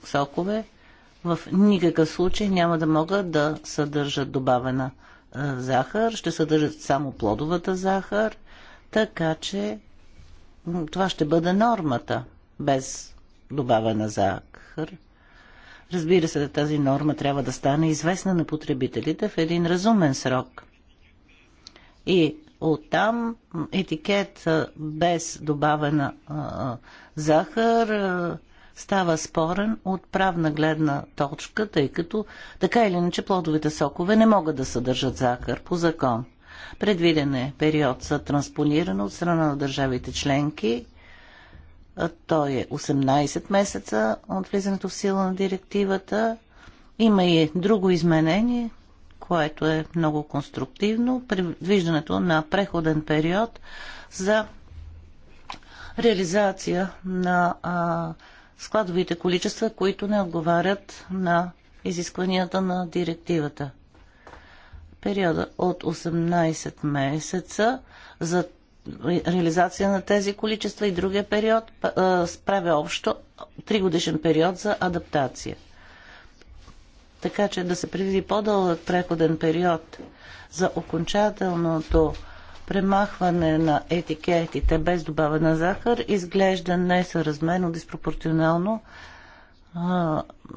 сокове в никакъв случай няма да могат да съдържат добавена захар, ще съдържат само плодовата захар, така че това ще бъде нормата без добавена захар. Разбира се, тази норма трябва да стане известна на потребителите в един разумен срок. И Оттам етикет без добавена а, захар а, става спорен от правна гледна точка, тъй като така или иначе плодовите сокове не могат да съдържат захар по закон. Предвиден е период за транспониране от страна на държавите членки. Той е 18 месеца от влизането в сила на директивата. Има и друго изменение, което е много конструктивно, предвиждането на преходен период за реализация на а, складовите количества, които не отговарят на изискванията на директивата. Периода от 18 месеца за реализация на тези количества и другия период а, справя общо 3 годишен период за адаптация така че да се предвиди по-дълъг преходен период за окончателното премахване на етикетите без на захар изглежда несъразмерно, диспропорционално,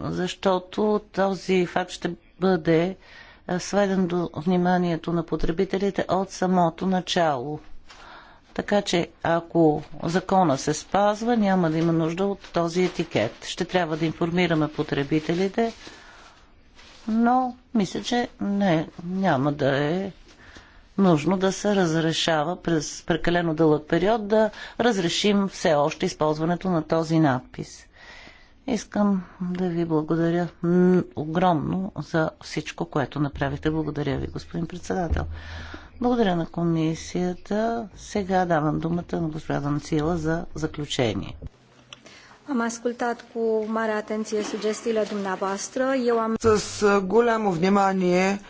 защото този факт ще бъде сведен до вниманието на потребителите от самото начало. Така че ако закона се спазва, няма да има нужда от този етикет. Ще трябва да информираме потребителите но мисля, че не, няма да е нужно да се разрешава през прекалено дълъг период да разрешим все още използването на този надпис. Искам да ви благодаря огромно за всичко, което направите. Благодаря ви, господин председател. Благодаря на комисията. Сега давам думата на госпожа Данцила за заключение. Am ascultat cu mare atenție sugestiile dumneavoastră. Eu am... С голямо внимание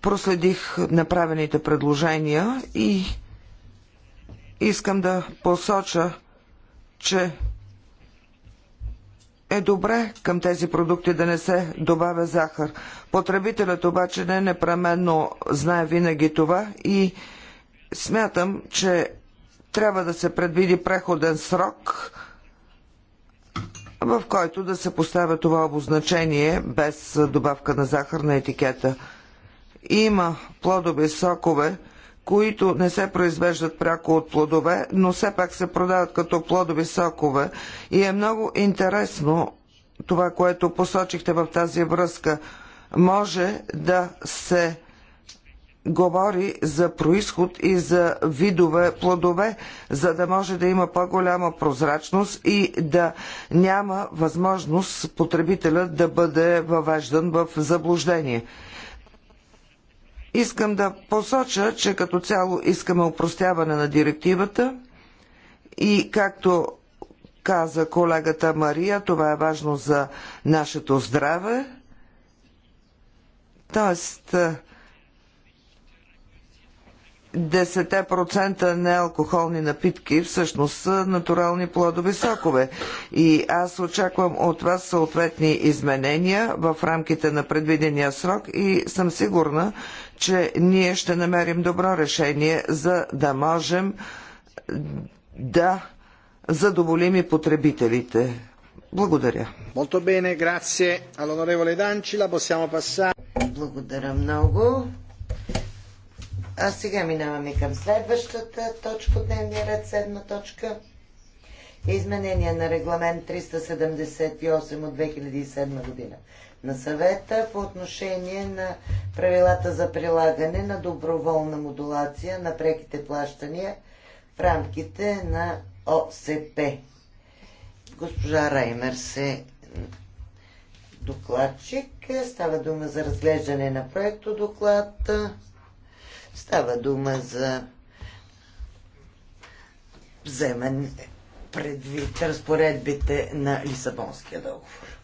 проследих направените предложения и искам да посоча, че е добре към тези продукти да не се добавя захар. Потребителят обаче не непременно знае винаги това и смятам, че трябва да се предвиди преходен срок – в който да се поставя това обозначение без добавка на захар на етикета. Има плодови сокове, които не се произвеждат пряко от плодове, но все пак се продават като плодови сокове. И е много интересно това, което посочихте в тази връзка. Може да се говори за происход и за видове плодове, за да може да има по-голяма прозрачност и да няма възможност потребителят да бъде въвеждан в заблуждение. Искам да посоча, че като цяло искаме упростяване на директивата и както каза колегата Мария, това е важно за нашето здраве. Тоест, 10% неалкохолни напитки всъщност са натурални плодови сокове. И аз очаквам от вас съответни изменения в рамките на предвидения срок и съм сигурна, че ние ще намерим добро решение, за да можем да задоволим и потребителите. Благодаря. Благодаря много. А сега минаваме към следващата точка от дневния ред, седма точка. Изменение на регламент 378 от 2007 година на съвета по отношение на правилата за прилагане на доброволна модулация на преките плащания в рамките на ОСП. Госпожа Раймер се докладчик. Става дума за разглеждане на проекто доклад. Става дума за вземен предвид разпоредбите на Лисабонския договор.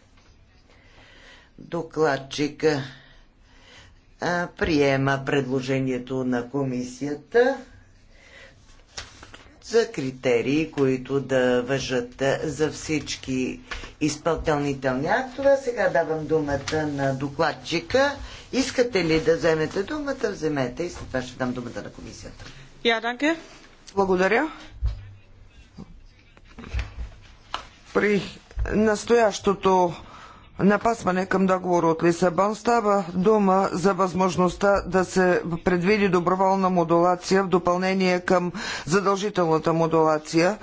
Докладчика приема предложението на комисията за критерии, които да въжат за всички изпълнителни актове. Сега давам думата на докладчика Искате ли да вземете думата? Вземете и след това ще дам думата на комисията. Я, данке. Благодаря. При настоящото Напасване към договора от Лисабон става дума за възможността да се предвиди доброволна модулация в допълнение към задължителната модулация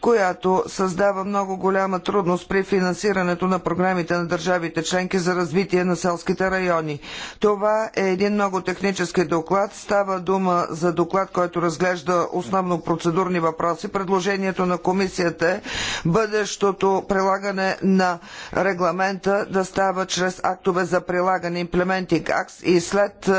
която създава много голяма трудност при финансирането на програмите на държавите членки за развитие на селските райони. Това е един много технически доклад. Става дума за доклад, който разглежда основно процедурни въпроси. Предложението на комисията е бъдещото прилагане на регламента да става чрез актове за прилагане Implementing Acts и след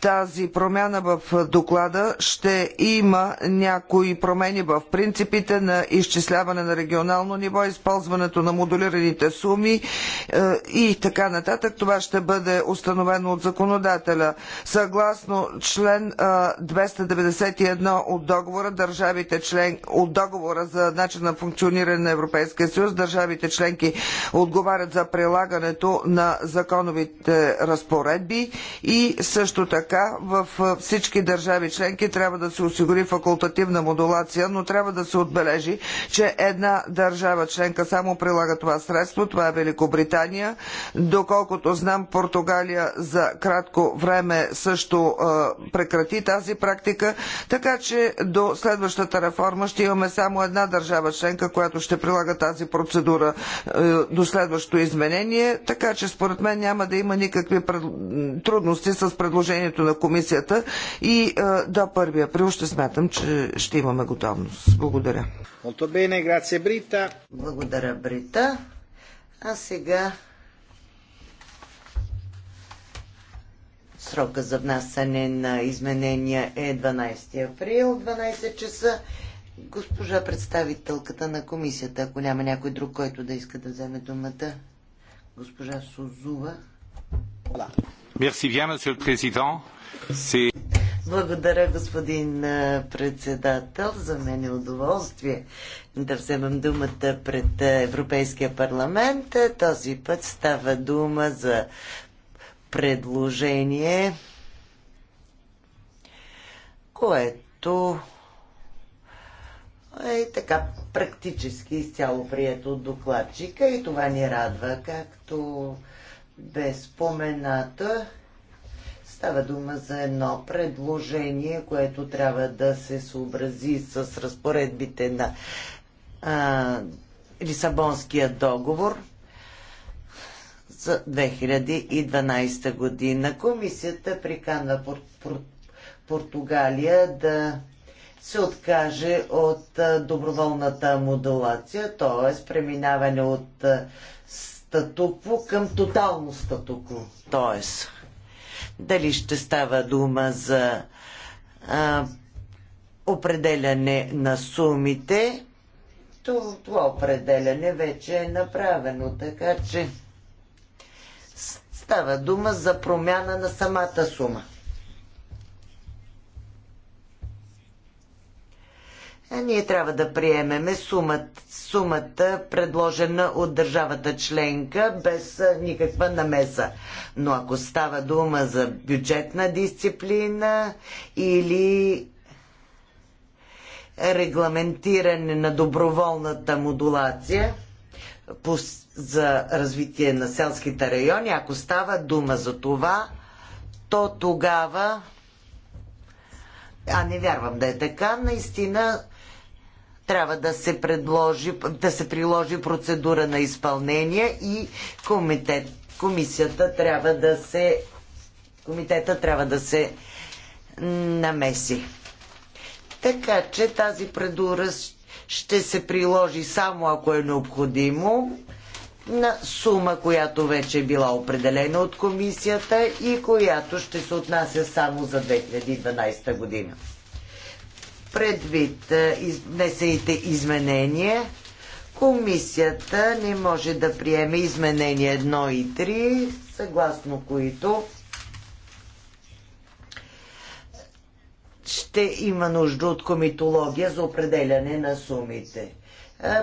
тази промяна в доклада ще има някои промени в принципите на изчисляване на регионално ниво, използването на модулираните суми е, и така нататък. Това ще бъде установено от законодателя. Съгласно член 291 е, от договора, държавите член, от договора за начин на функциониране на Европейския съюз, държавите членки отговарят за прилагането на законовите разпоредби и също така в е, всички държави членки трябва да се осигури факултативна модулация, но трябва да се отбележи, че една държава членка само прилага това средство, това е Великобритания. Доколкото знам, Португалия за кратко време също прекрати тази практика, така че до следващата реформа ще имаме само една държава членка, която ще прилага тази процедура до следващото изменение, така че според мен няма да има никакви трудности с предложението на комисията и до 1 април ще смятам, че ще имаме готовност. Благодаря. Molto bene, grazie Britta. Благодаря, Брита. А сега срока за внасяне на изменения е 12 април, 12 часа. Госпожа представителката на комисията, ако няма някой друг, който да иска да вземе думата, госпожа Сузува. Мерси bien, monsieur президент. Си. Благодаря, господин председател. За мен е удоволствие да вземам думата пред Европейския парламент. Този път става дума за предложение, което е така практически изцяло прието от докладчика и това ни радва, както без спомената Става дума за едно предложение, което трябва да се съобрази с разпоредбите на а, Лисабонския договор за 2012 година. Комисията приканва Пор- Пор- Португалия да се откаже от доброволната модулация, т.е. преминаване от статукво към тотално статукво. Тоест, дали ще става дума за а, определяне на сумите. То, това определяне вече е направено, така че става дума за промяна на самата сума. ние трябва да приемеме сумата, сумата, предложена от държавата членка, без никаква намеса. Но ако става дума за бюджетна дисциплина или регламентиране на доброволната модулация за развитие на селските райони, ако става дума за това, то тогава а не вярвам да е така, наистина трябва да се, предложи, да се приложи процедура на изпълнение и комитет, комисията трябва да се комитета трябва да се намеси. Така че тази предура ще се приложи само ако е необходимо на сума, която вече е била определена от комисията и която ще се отнася само за 2012 година предвид изнесените изменения, комисията не може да приеме изменения 1 и 3, съгласно които ще има нужда от комитология за определяне на сумите.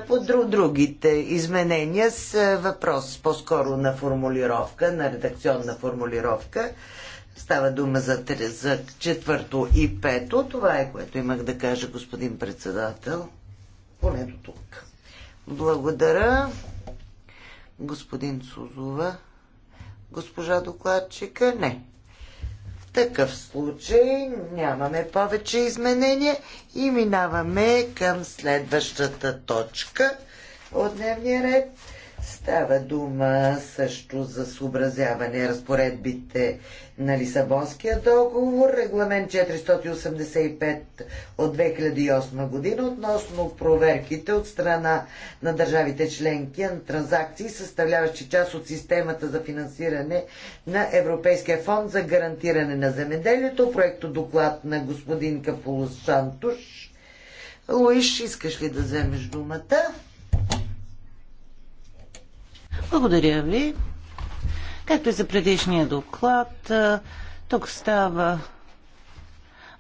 По другите изменения с въпрос по-скоро на формулировка, на редакционна формулировка. Става дума за, за четвърто и пето. Това е което имах да кажа, господин председател. Поне до тук. Благодаря, господин Сузова. Госпожа докладчика? Не. В такъв случай нямаме повече изменения и минаваме към следващата точка от дневния ред. Става дума също за съобразяване разпоредбите на Лисабонския договор, регламент 485 от 2008 година относно проверките от страна на държавите членки на транзакции, съставляващи част от системата за финансиране на Европейския фонд за гарантиране на земеделието, проекто доклад на господин Капулос Шантуш. Луиш, искаш ли да вземеш думата? Благодаря ви. Както и за предишния доклад, тук става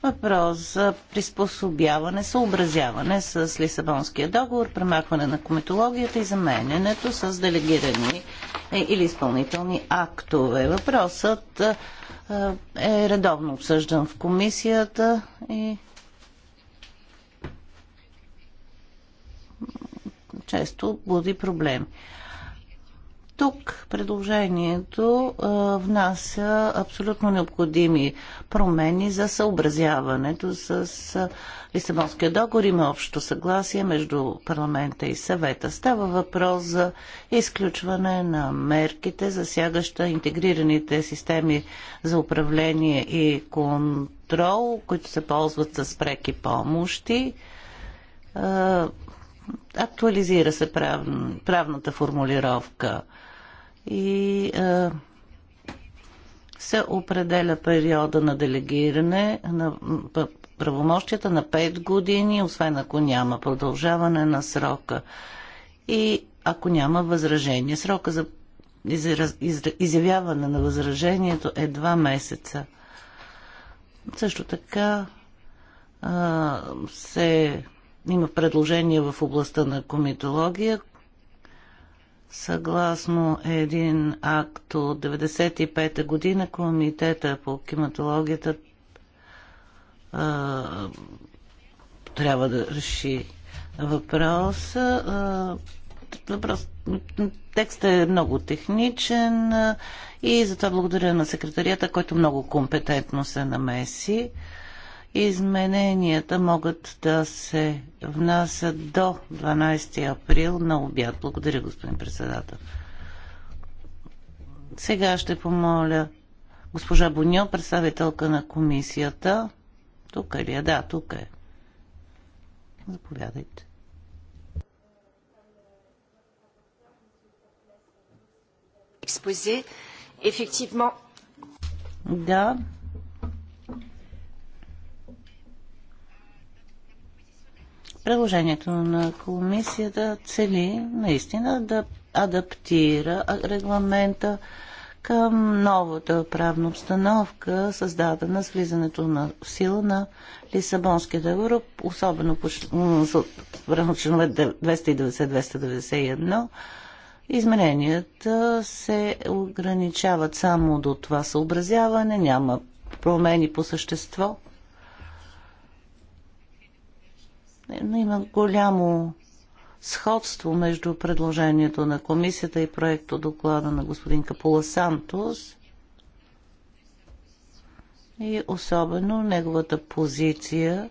въпрос за приспособяване, съобразяване с Лисабонския договор, премахване на кометологията и заменянето с делегирани е, или изпълнителни актове. Въпросът е редовно обсъждан в комисията и често буди проблеми. Тук предложението а, внася абсолютно необходими промени за съобразяването с а, Лисабонския договор. Има общо съгласие между парламента и съвета. Става въпрос за изключване на мерките, засягаща интегрираните системи за управление и контрол, които се ползват с преки помощи. А, актуализира се прав... правната формулировка и а, е, се определя периода на делегиране на правомощията на 5 години, освен ако няма продължаване на срока и ако няма възражение. Срока за изявяване на възражението е 2 месеца. Също така а, се има предложение в областта на комитология, Съгласно един акт от 95-та година, Комитета по кематологията а, трябва да реши въпроса. въпрос, текстът е много техничен и затова благодаря на секретарията, който много компетентно се намеси. А, Измененията могат да се внасят до 12 април на обяд. Благодаря, господин председател. Сега ще помоля госпожа Боньо, представителка на комисията. Тук е ли е? Да, тук е. Заповядайте. Експозе. Ефективно. Да, Предложението на комисията цели наистина да адаптира регламента към новата правна обстановка, създадена с влизането на сила на Лисабонския договор, особено по време членове 290-291. Измененията се ограничават само до това съобразяване, няма промени по същество. Има голямо сходство между предложението на комисията и проекто доклада на господин Капула Сантос и особено неговата позиция,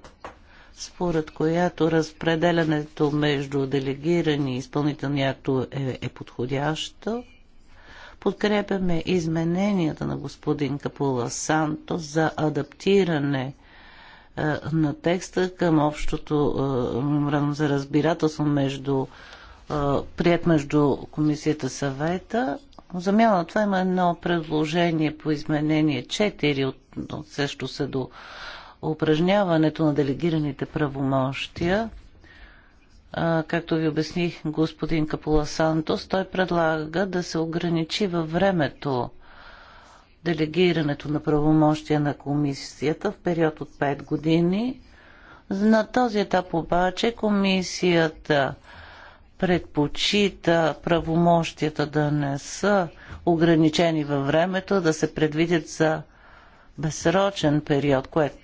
според която разпределянето между делегирани и изпълнителни актове е, е подходящо. Подкрепяме измененията на господин Капула Санто за адаптиране – е, на текста към общото е, меморандум за разбирателство между е, прият между комисията съвета. Замяна на това има едно предложение по изменение 4 от, от също се до упражняването на делегираните правомощия. А, както ви обясних господин Капула Сантос, той предлага да се ограничи във времето делегирането на правомощия на комисията в период от 5 години. На този етап обаче комисията предпочита правомощията да не са ограничени във времето, да се предвидят за безсрочен период, което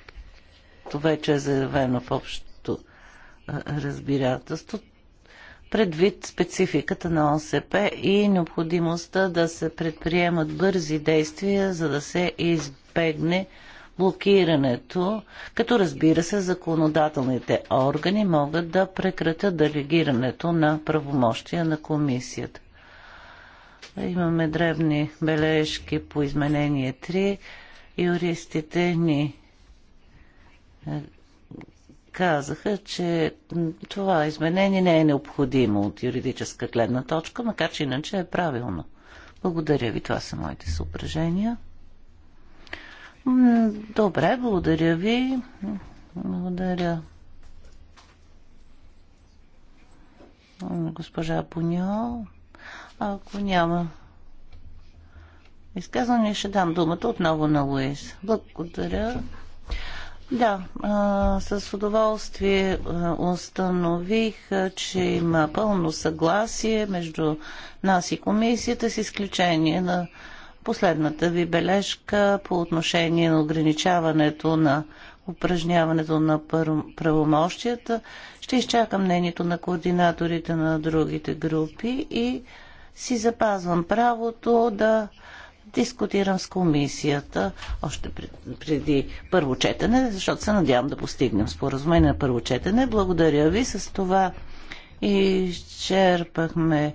вече е заявено в общото разбирателство предвид спецификата на ОСП и необходимостта да се предприемат бързи действия, за да се избегне блокирането, като разбира се законодателните органи могат да прекратят делегирането на правомощия на комисията. Имаме древни бележки по изменение 3. Юристите ни казаха, че това изменение не е необходимо от юридическа гледна точка, макар че иначе е правилно. Благодаря ви, това са моите съображения. Добре, благодаря ви. Благодаря. Госпожа Пуньо, ако няма изказване, ще дам думата отново на Луис. Благодаря. Да, а, с удоволствие установих, че има пълно съгласие между нас и комисията, с изключение на последната ви бележка по отношение на ограничаването на упражняването на правомощията. Ще изчакам мнението на координаторите на другите групи и си запазвам правото да дискутирам с комисията още преди първо четене, защото се надявам да постигнем споразумение на първо четене. Благодаря ви. С това изчерпахме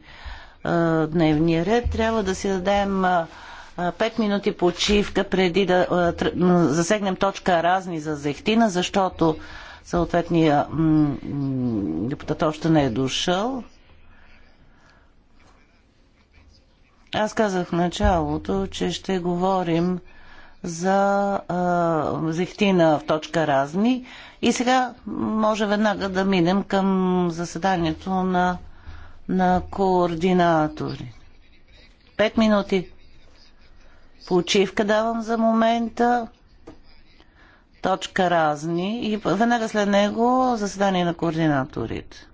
дневния ред. Трябва да си дадем пет минути почивка преди да засегнем точка разни за зехтина, защото съответния депутат още не е дошъл. Аз казах в началото, че ще говорим за а, зехтина в точка разни и сега може веднага да минем към заседанието на, на координатори. Пет минути. Почивка давам за момента. Точка разни и веднага след него заседание на координаторите.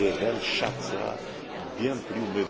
des réels chats bien plus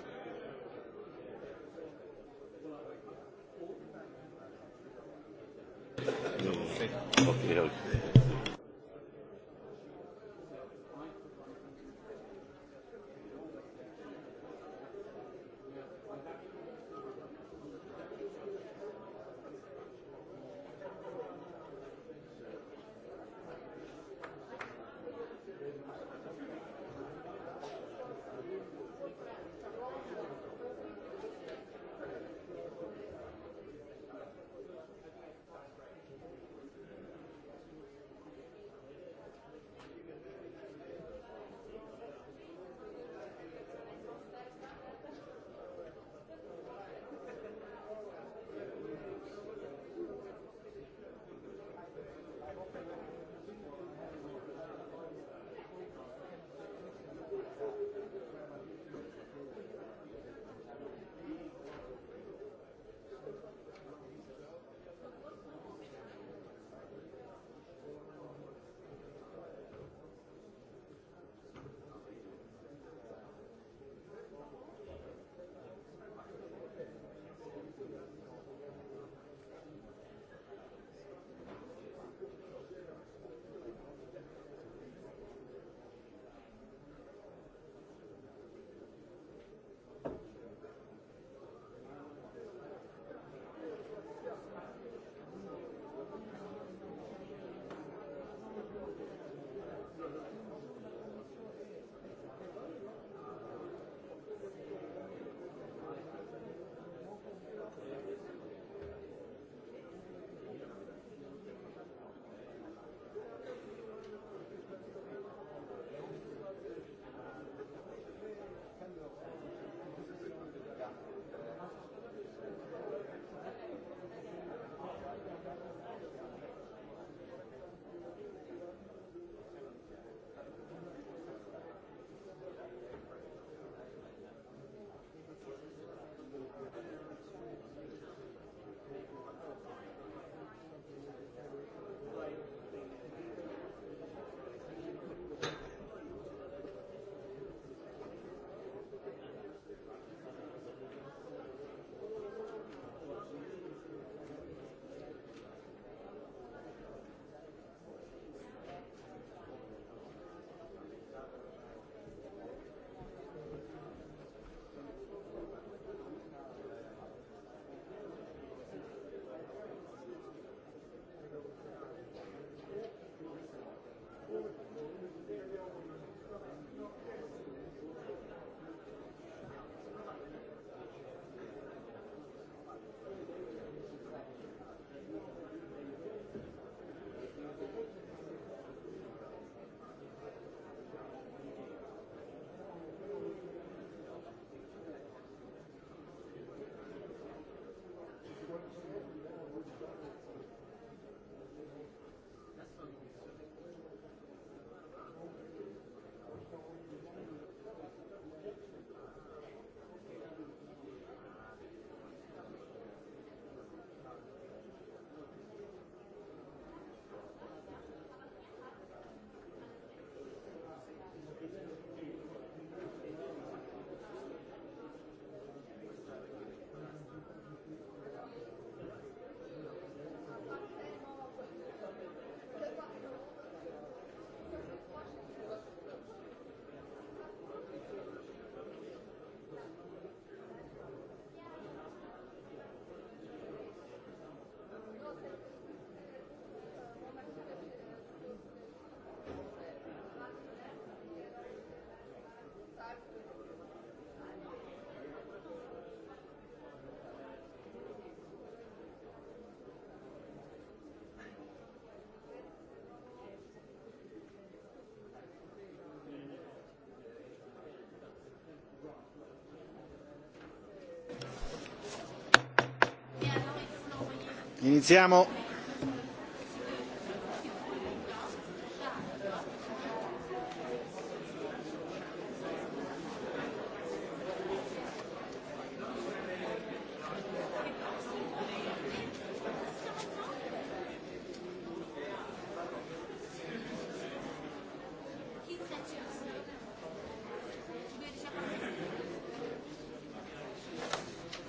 Iniziamo.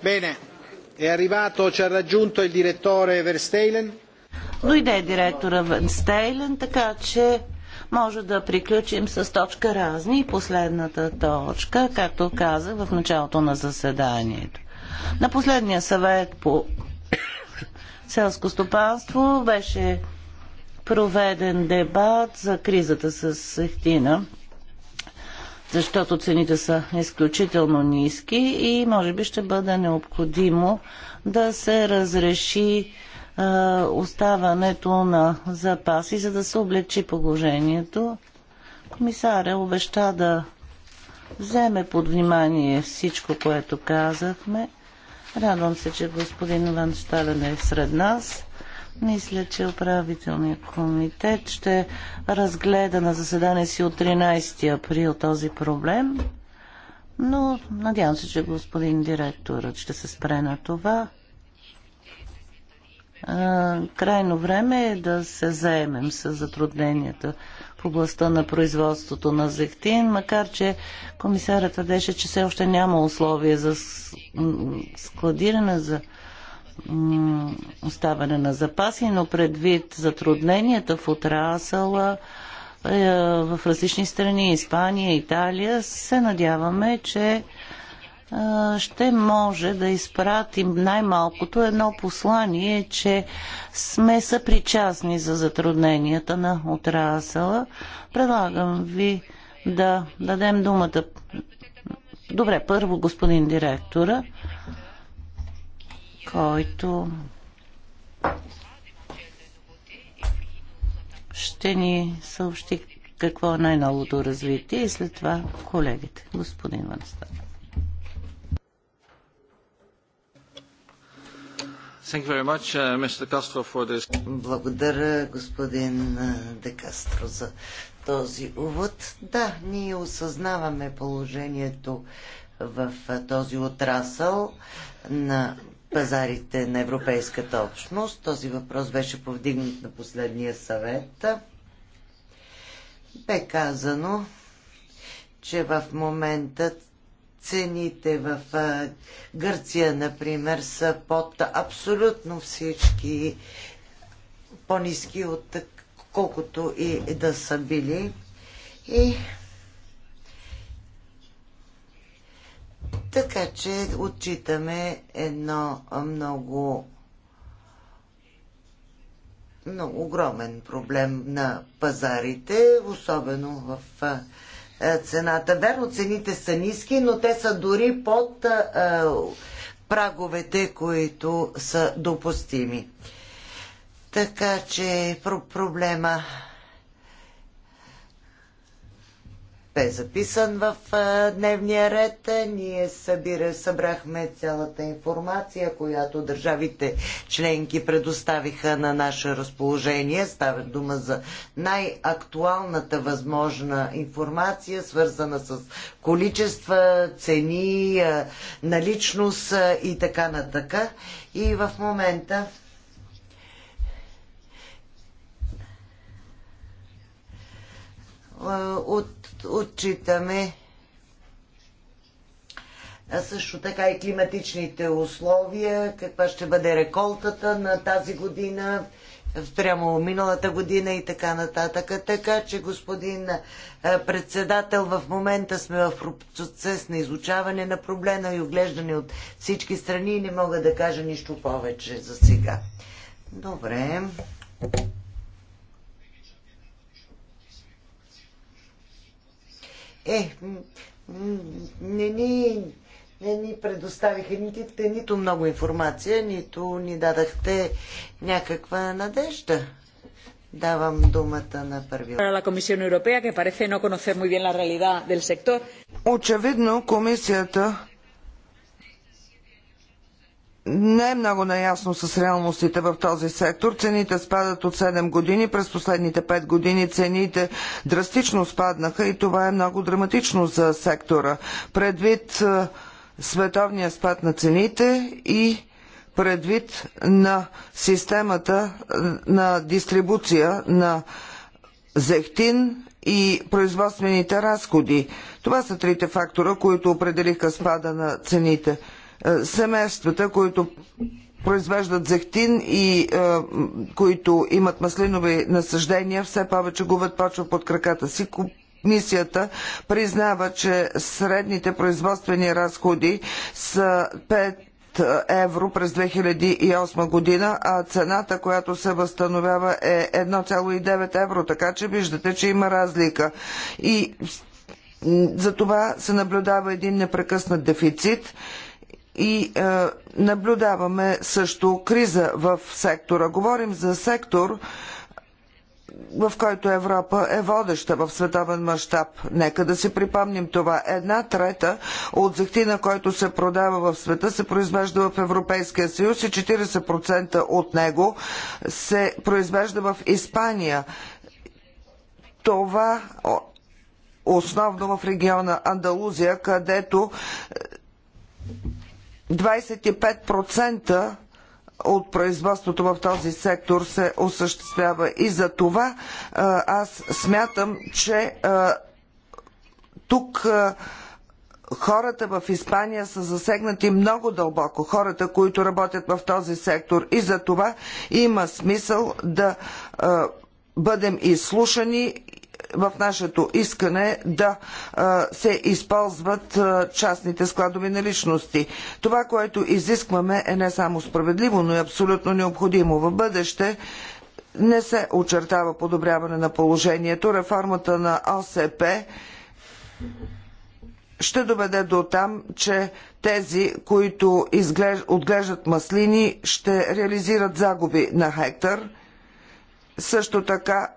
Bene ci ha raggiunto il direttore Verstelen. Дойде директора Верстейлен, така че може да приключим с точка разни и последната точка, както казах в началото на заседанието. На последния съвет по селско стопанство беше проведен дебат за кризата с Ехтина защото цените са изключително ниски и може би ще бъде необходимо да се разреши е, оставането на запаси, за да се облегчи положението. Комисаря обеща да вземе под внимание всичко, което казахме. Радвам се, че господин Ван Штален е сред нас. Мисля, че управителният комитет ще разгледа на заседание си от 13 април този проблем, но надявам се, че господин директорът ще се спре на това. Крайно време е да се заемем с затрудненията в областта на производството на зехтин, макар че комисарът твърдеше, че все още няма условия за складиране, за оставане на запаси, но предвид затрудненията в отрасъла е, в различни страни, Испания, Италия, се надяваме, че е, ще може да изпратим най-малкото едно послание, че сме съпричастни за затрудненията на отрасъла. Предлагам ви да дадем думата. Добре, първо господин директора който ще ни съобщи какво е най-новото развитие и след това колегите. Господин Ванстан. Uh, Благодаря, господин uh, Декастро, за този увод. Да, ние осъзнаваме положението в uh, този отрасъл на пазарите на Европейската общност. Този въпрос беше повдигнат на последния съвет. Бе казано, че в момента цените в Гърция, например, са под абсолютно всички по-низки от колкото и да са били. И Така че отчитаме едно много много огромен проблем на пазарите, особено в цената. Верно, цените са ниски, но те са дори под праговете, които са допустими. Така че проблема бе записан в дневния ред. Ние събира, събрахме цялата информация, която държавите членки предоставиха на наше разположение. Става дума за най-актуалната възможна информация, свързана с количества, цени, наличност и така на И в момента от отчитаме а също така и климатичните условия, каква ще бъде реколтата на тази година, Прямо миналата година и така нататък. Така че, господин председател, в момента сме в процес на изучаване на проблема и оглеждане от всички страни и не мога да кажа нищо повече за сега. Добре. е, не ни, не ни предоставиха нито, нито много информация, нито ни дадахте някаква надежда. Давам думата на първия. Очевидно, комисията не е много наясно с реалностите в този сектор. Цените спадат от 7 години. През последните 5 години цените драстично спаднаха и това е много драматично за сектора. Предвид е, световния спад на цените и предвид на системата е, на дистрибуция на зехтин и производствените разходи. Това са трите фактора, които определиха спада на цените. Е, семействата, които произвеждат зехтин и е, които имат маслинови насъждения, все повече губят почва под краката си. Комисията признава, че средните производствени разходи са 5 евро през 2008 година, а цената, която се възстановява е 1,9 евро, така че виждате, че има разлика. И за това се наблюдава един непрекъснат дефицит и е, наблюдаваме също криза в сектора. Говорим за сектор, в който Европа е водеща в световен мащаб. Нека да си припомним това. Една трета от зехтина, който се продава в света, се произвежда в Европейския съюз и 40% от него се произвежда в Испания. Това основно в региона Андалузия, където е, 25% от производството в този сектор се осъществява и за това аз смятам, че тук хората в Испания са засегнати много дълбоко, хората, които работят в този сектор и за това има смисъл да бъдем изслушани в нашето искане да се използват частните складови наличности. Това, което изискваме е не само справедливо, но и абсолютно необходимо. В бъдеще не се очертава подобряване на положението. Реформата на ОСП ще доведе до там, че тези, които изглеж... отглеждат маслини, ще реализират загуби на хектар. Също така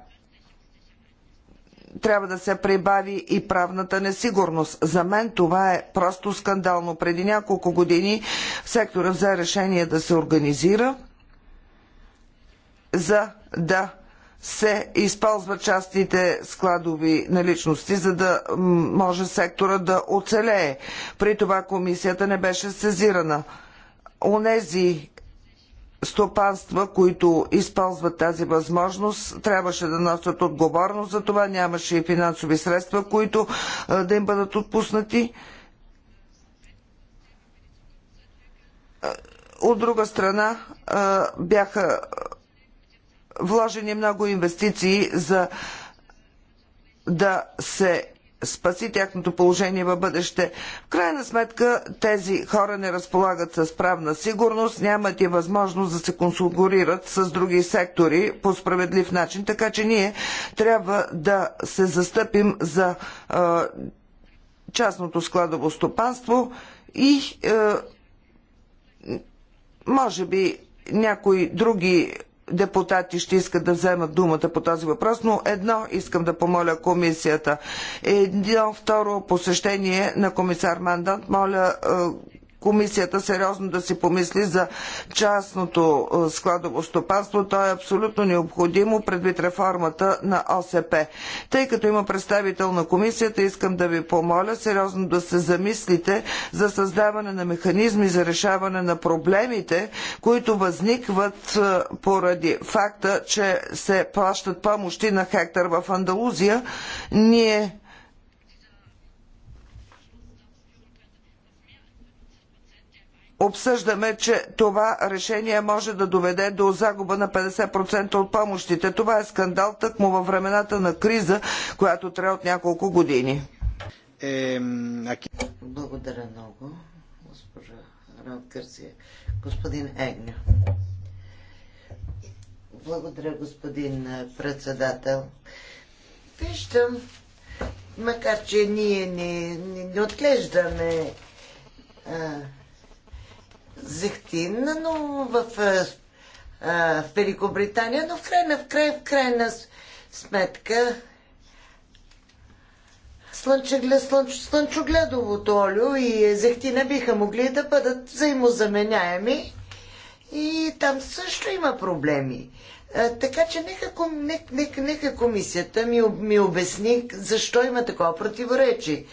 трябва да се прибави и правната несигурност. За мен това е просто скандално. Преди няколко години сектора взе решение да се организира, за да се използват частите складови наличности, за да може сектора да оцелее. При това комисията не беше сезирана. Онези стопанства, които използват тази възможност, трябваше да носят отговорност за това. Нямаше и финансови средства, които да им бъдат отпуснати. От друга страна бяха вложени много инвестиции за да се спаси тяхното положение във бъдеще. В крайна сметка тези хора не разполагат с правна сигурност, нямат и възможност да се консулгурират с други сектори по справедлив начин, така че ние трябва да се застъпим за е, частното складово стопанство и е, може би някои други депутати ще искат да вземат думата по този въпрос, но едно искам да помоля комисията. Едно второ посещение на комисар Мандант, моля е, комисията сериозно да си помисли за частното е, складово стопанство. То е абсолютно необходимо предвид реформата на ОСП. Тъй като има представител на комисията, искам да ви помоля сериозно да се замислите за създаване на механизми за решаване на проблемите, които възникват е, поради факта, че се плащат помощи на хектар в Андалузия. Ние обсъждаме, че това решение може да доведе до загуба на 50% от помощите. Това е скандал тъкмо във времената на криза, която трябва от няколко години. Благодаря много, госпожа Рад Кърсия. Господин Егня. Благодаря, господин председател. Виждам, макар че ние не, не, не отглеждаме а, зехтин, но в, в, е, е, в Великобритания, но в крайна, в край, в крайна сметка слънчеглед, слънч, слънчогледовото олио и зехтина биха могли да бъдат взаимозаменяеми и там също има проблеми. А, е, така че нека, нека, нека, нека комисията ми, ми обясни защо има такова противоречие.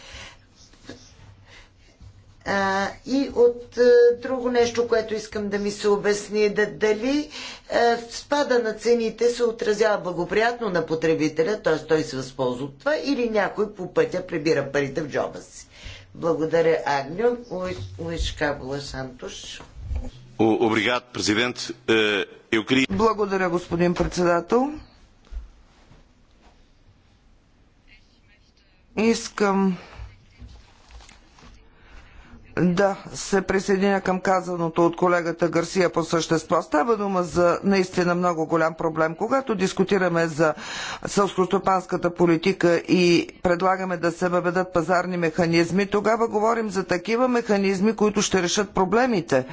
А, и от а, е, друго нещо, което искам да ми се обясни, да, дали а, е, спада на цените се отразява благоприятно на потребителя, т.е. той се възползва от това, или някой по пътя прибира парите в джоба си. Благодаря, Агню. Уишкабула Сантош. Обригат, президент. Е, Благодаря, господин председател. Искам да се присъединя към казаното от колегата Гарсия по същество. Става дума за наистина много голям проблем. Когато дискутираме за сълскостопанската политика и предлагаме да се въведат пазарни механизми, тогава говорим за такива механизми, които ще решат проблемите.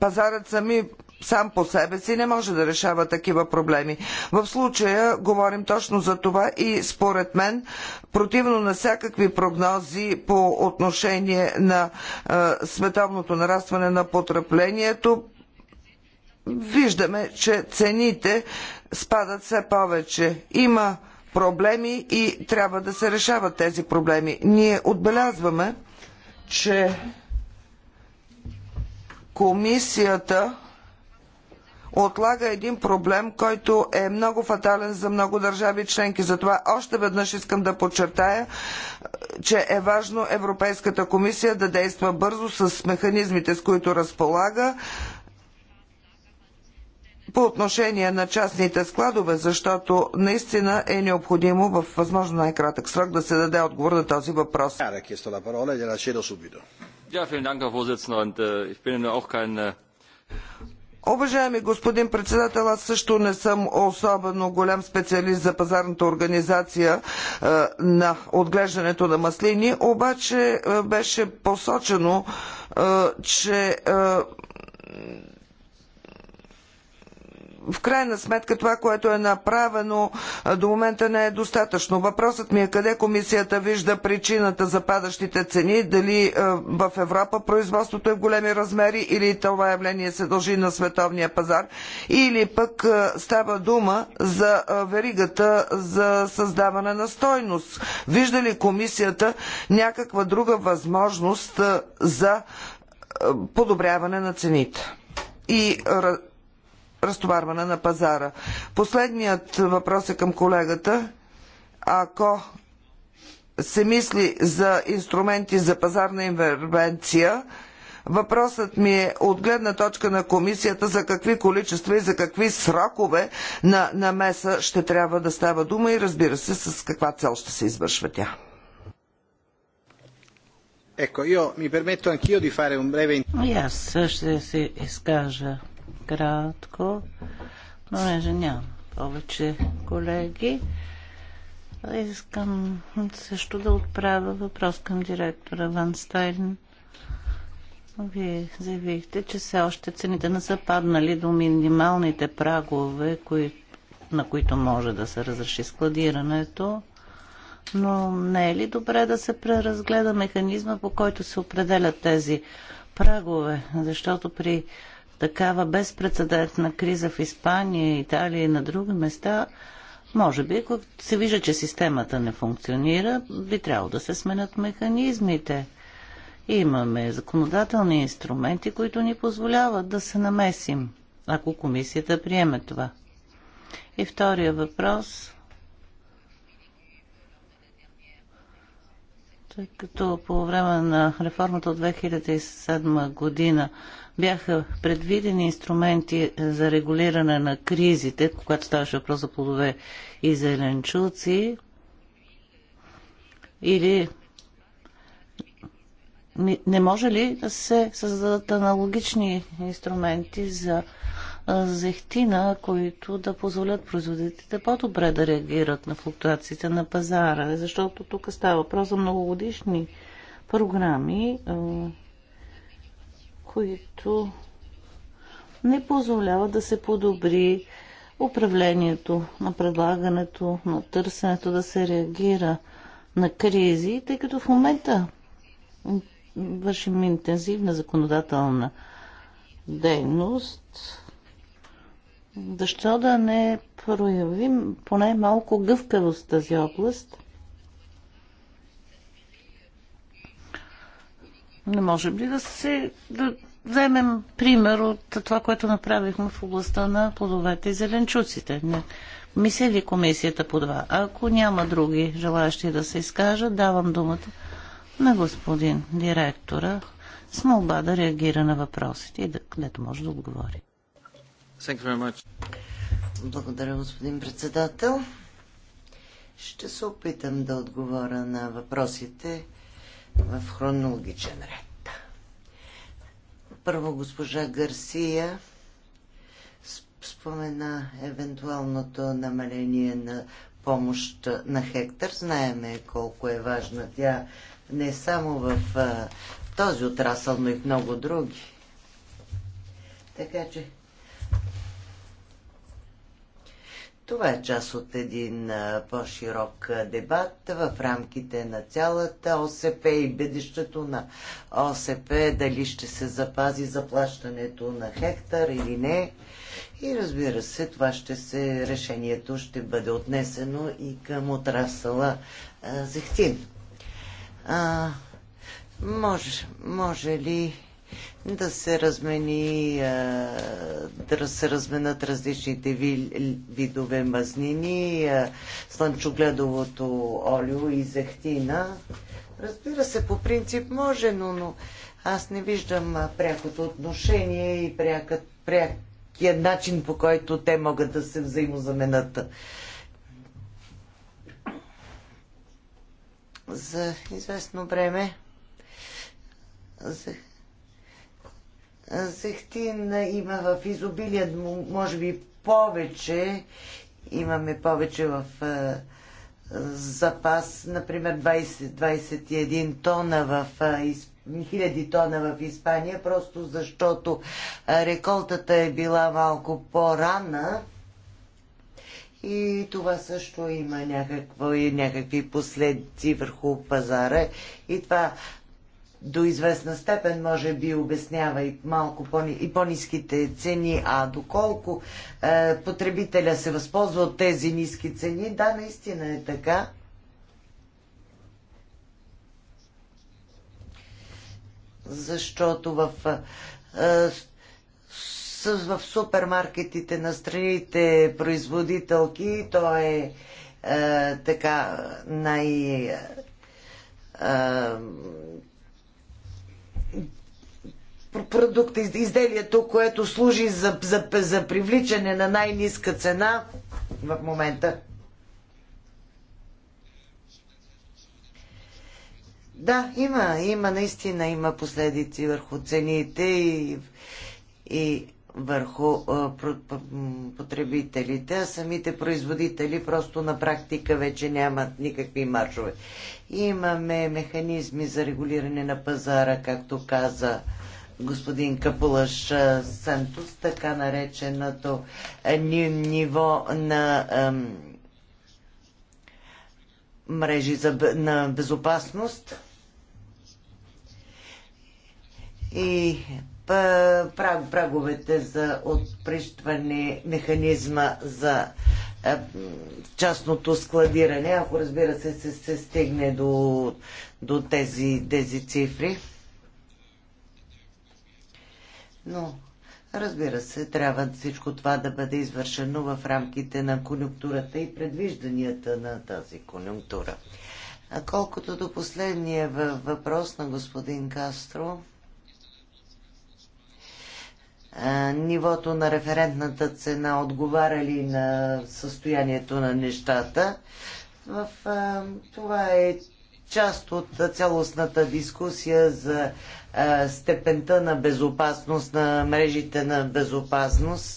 Пазарът сами сам по себе си не може да решава такива проблеми. В случая говорим точно за това и според мен, противно на всякакви прогнози по отношение на е, световното нарастване на потреплението, виждаме, че цените спадат все повече. Има проблеми и трябва да се решават тези проблеми. Ние отбелязваме, че комисията отлага един проблем, който е много фатален за много държави членки. Затова още веднъж искам да подчертая, че е важно Европейската комисия да действа бързо с механизмите, с които разполага по отношение на частните складове, защото наистина е необходимо в възможно най-кратък срок да се даде отговор на този въпрос. Уважаеми господин председател, аз също не съм особено голям специалист за пазарната организация е, на отглеждането на маслини, обаче е, беше посочено, е, че в крайна сметка това, което е направено до момента не е достатъчно. Въпросът ми е къде комисията вижда причината за падащите цени, дали в Европа производството е в големи размери или това явление се дължи на световния пазар, или пък става дума за веригата за създаване на стойност. Вижда ли комисията някаква друга възможност за подобряване на цените? и разтоварване на пазара. Последният въпрос е към колегата. Ако се мисли за инструменти за пазарна интервенция, Въпросът ми е от гледна точка на комисията за какви количества и за какви срокове на намеса ще трябва да става дума и разбира се с каква цел ще се извършва тя. Ecco, io mi permetto anch'io di fare un breve... Аз ще се изкажа кратко. но не, же нямам повече колеги. Искам също да отправя въпрос към директора Ван Стайлен. Вие заявихте, че все още цените не са паднали до минималните прагове, кои, на които може да се разреши складирането. Но не е ли добре да се преразгледа механизма, по който се определят тези прагове? Защото при такава безпредседентна криза в Испания, Италия и на други места, може би, ако се вижда, че системата не функционира, би трябвало да се сменят механизмите. Имаме законодателни инструменти, които ни позволяват да се намесим, ако комисията приеме това. И втория въпрос. Тъй като по време на реформата от 2007 година бяха предвидени инструменти е, за регулиране на кризите, когато ставаше въпрос за плодове и зеленчуци, или не може ли да се създадат аналогични инструменти за е, зехтина, които да позволят производителите по-добре да реагират на флуктуациите на пазара? Защото тук става въпрос за многогодишни програми е, които не позволяват да се подобри управлението на предлагането, на търсенето, да се реагира на кризи, тъй като в момента вършим интензивна законодателна дейност. Защо да не проявим поне малко гъвкавост в тази област – Не можем ли да се да вземем пример от това, което направихме в областта на плодовете и зеленчуците? Не. Мисля ли комисията по два? Ако няма други желаящи да се изкажат, давам думата на господин директора с молба да реагира на въпросите и да, където може да отговори. Благодаря, господин председател. Ще се опитам да отговоря на въпросите, в хронологичен ред. Първо госпожа Гарсия спомена евентуалното намаление на помощ на Хектор. Знаеме колко е важна тя не само в този отрасъл, но и в много други. Така че това е част от един по-широк дебат в рамките на цялата ОСП и бъдещето на ОСП, дали ще се запази заплащането на хектар или не. И разбира се, това ще се, решението ще бъде отнесено и към отрасъла а, Зехтин. А, може, може ли да се размени, да се разменят различните видове мазнини, слънчогледовото олио и зехтина. Разбира се, по принцип може, но, но аз не виждам прякото отношение и прякът, прякият начин, по който те могат да се взаимозаменят. За известно време за Сехтин има в изобилие, може би повече, имаме повече в е, запас, например 20-21 тона в е, хиляди тона в Испания, просто защото реколтата е била малко по-рана и това също има някакво, някакви последици върху пазара и това до известна степен може би обяснява и малко по- и по-низките цени, а доколко е, потребителя се възползва от тези ниски цени, да, наистина е така. Защото в, е, с, в супермаркетите на страните производителки то е, е така най- е, продукта, изделието, което служи за, за, за привличане на най-низка цена в момента. Да, има, има, наистина има последици върху цените и, и върху а, потребителите, а самите производители просто на практика вече нямат никакви маржове. Имаме механизми за регулиране на пазара, както каза господин Капулаш Сантус, така нареченото ниво на мрежи за, на безопасност и праговете за отприщване механизма за е, частното складиране, ако разбира се се, се стигне до, до тези, тези цифри. Но, разбира се, трябва всичко това да бъде извършено в рамките на конюнктурата и предвижданията на тази конюнктура. А колкото до последния въпрос на господин Кастро, нивото на референтната цена отговаря ли на състоянието на нещата. В, това е част от цялостната дискусия за степента на безопасност, на мрежите на безопасност.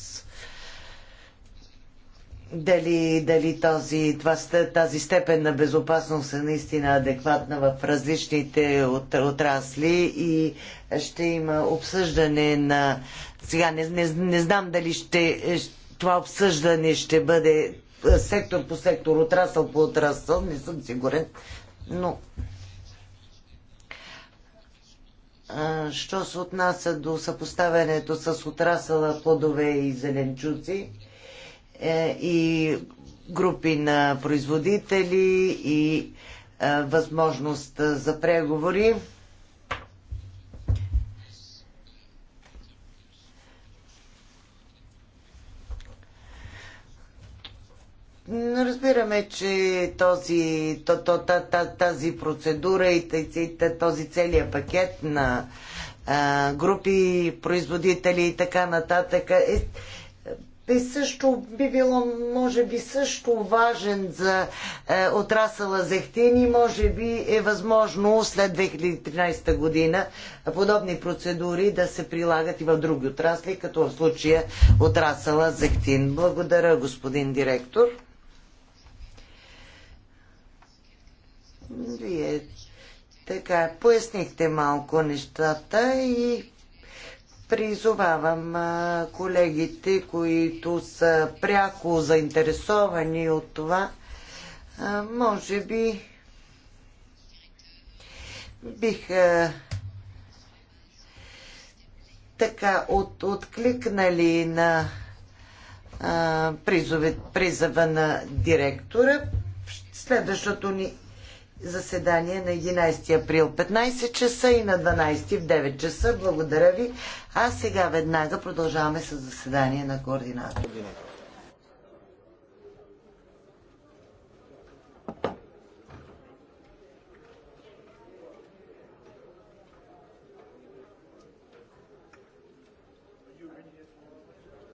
Дали, дали този, това, тази степен на безопасност е наистина адекватна в различните отрасли и ще има обсъждане на... Сега не, не, не знам дали ще, това обсъждане ще бъде сектор по сектор, отрасъл по отрасъл, не съм сигурен, но Що се отнася до съпоставянето с отрасъла плодове и зеленчуци е, и групи на производители и възможност за преговори, Разбираме, че този, то, то, тази процедура и този целият пакет на групи, производители и така нататък е, е също би било, може би, също важен за е, отрасъла зехтин и може би е възможно след 2013 година подобни процедури да се прилагат и в други отрасли, като в случая отрасъла зехтин. Благодаря, господин директор. Вие така пояснихте малко нещата и призовавам колегите, които са пряко заинтересовани от това, може би биха така от, откликнали на а, призове, призъва на директора. Следващото ни заседание на 11 април 15 часа и на 12 в 9 часа. Благодаря ви. А сега веднага продължаваме с заседание на координатор.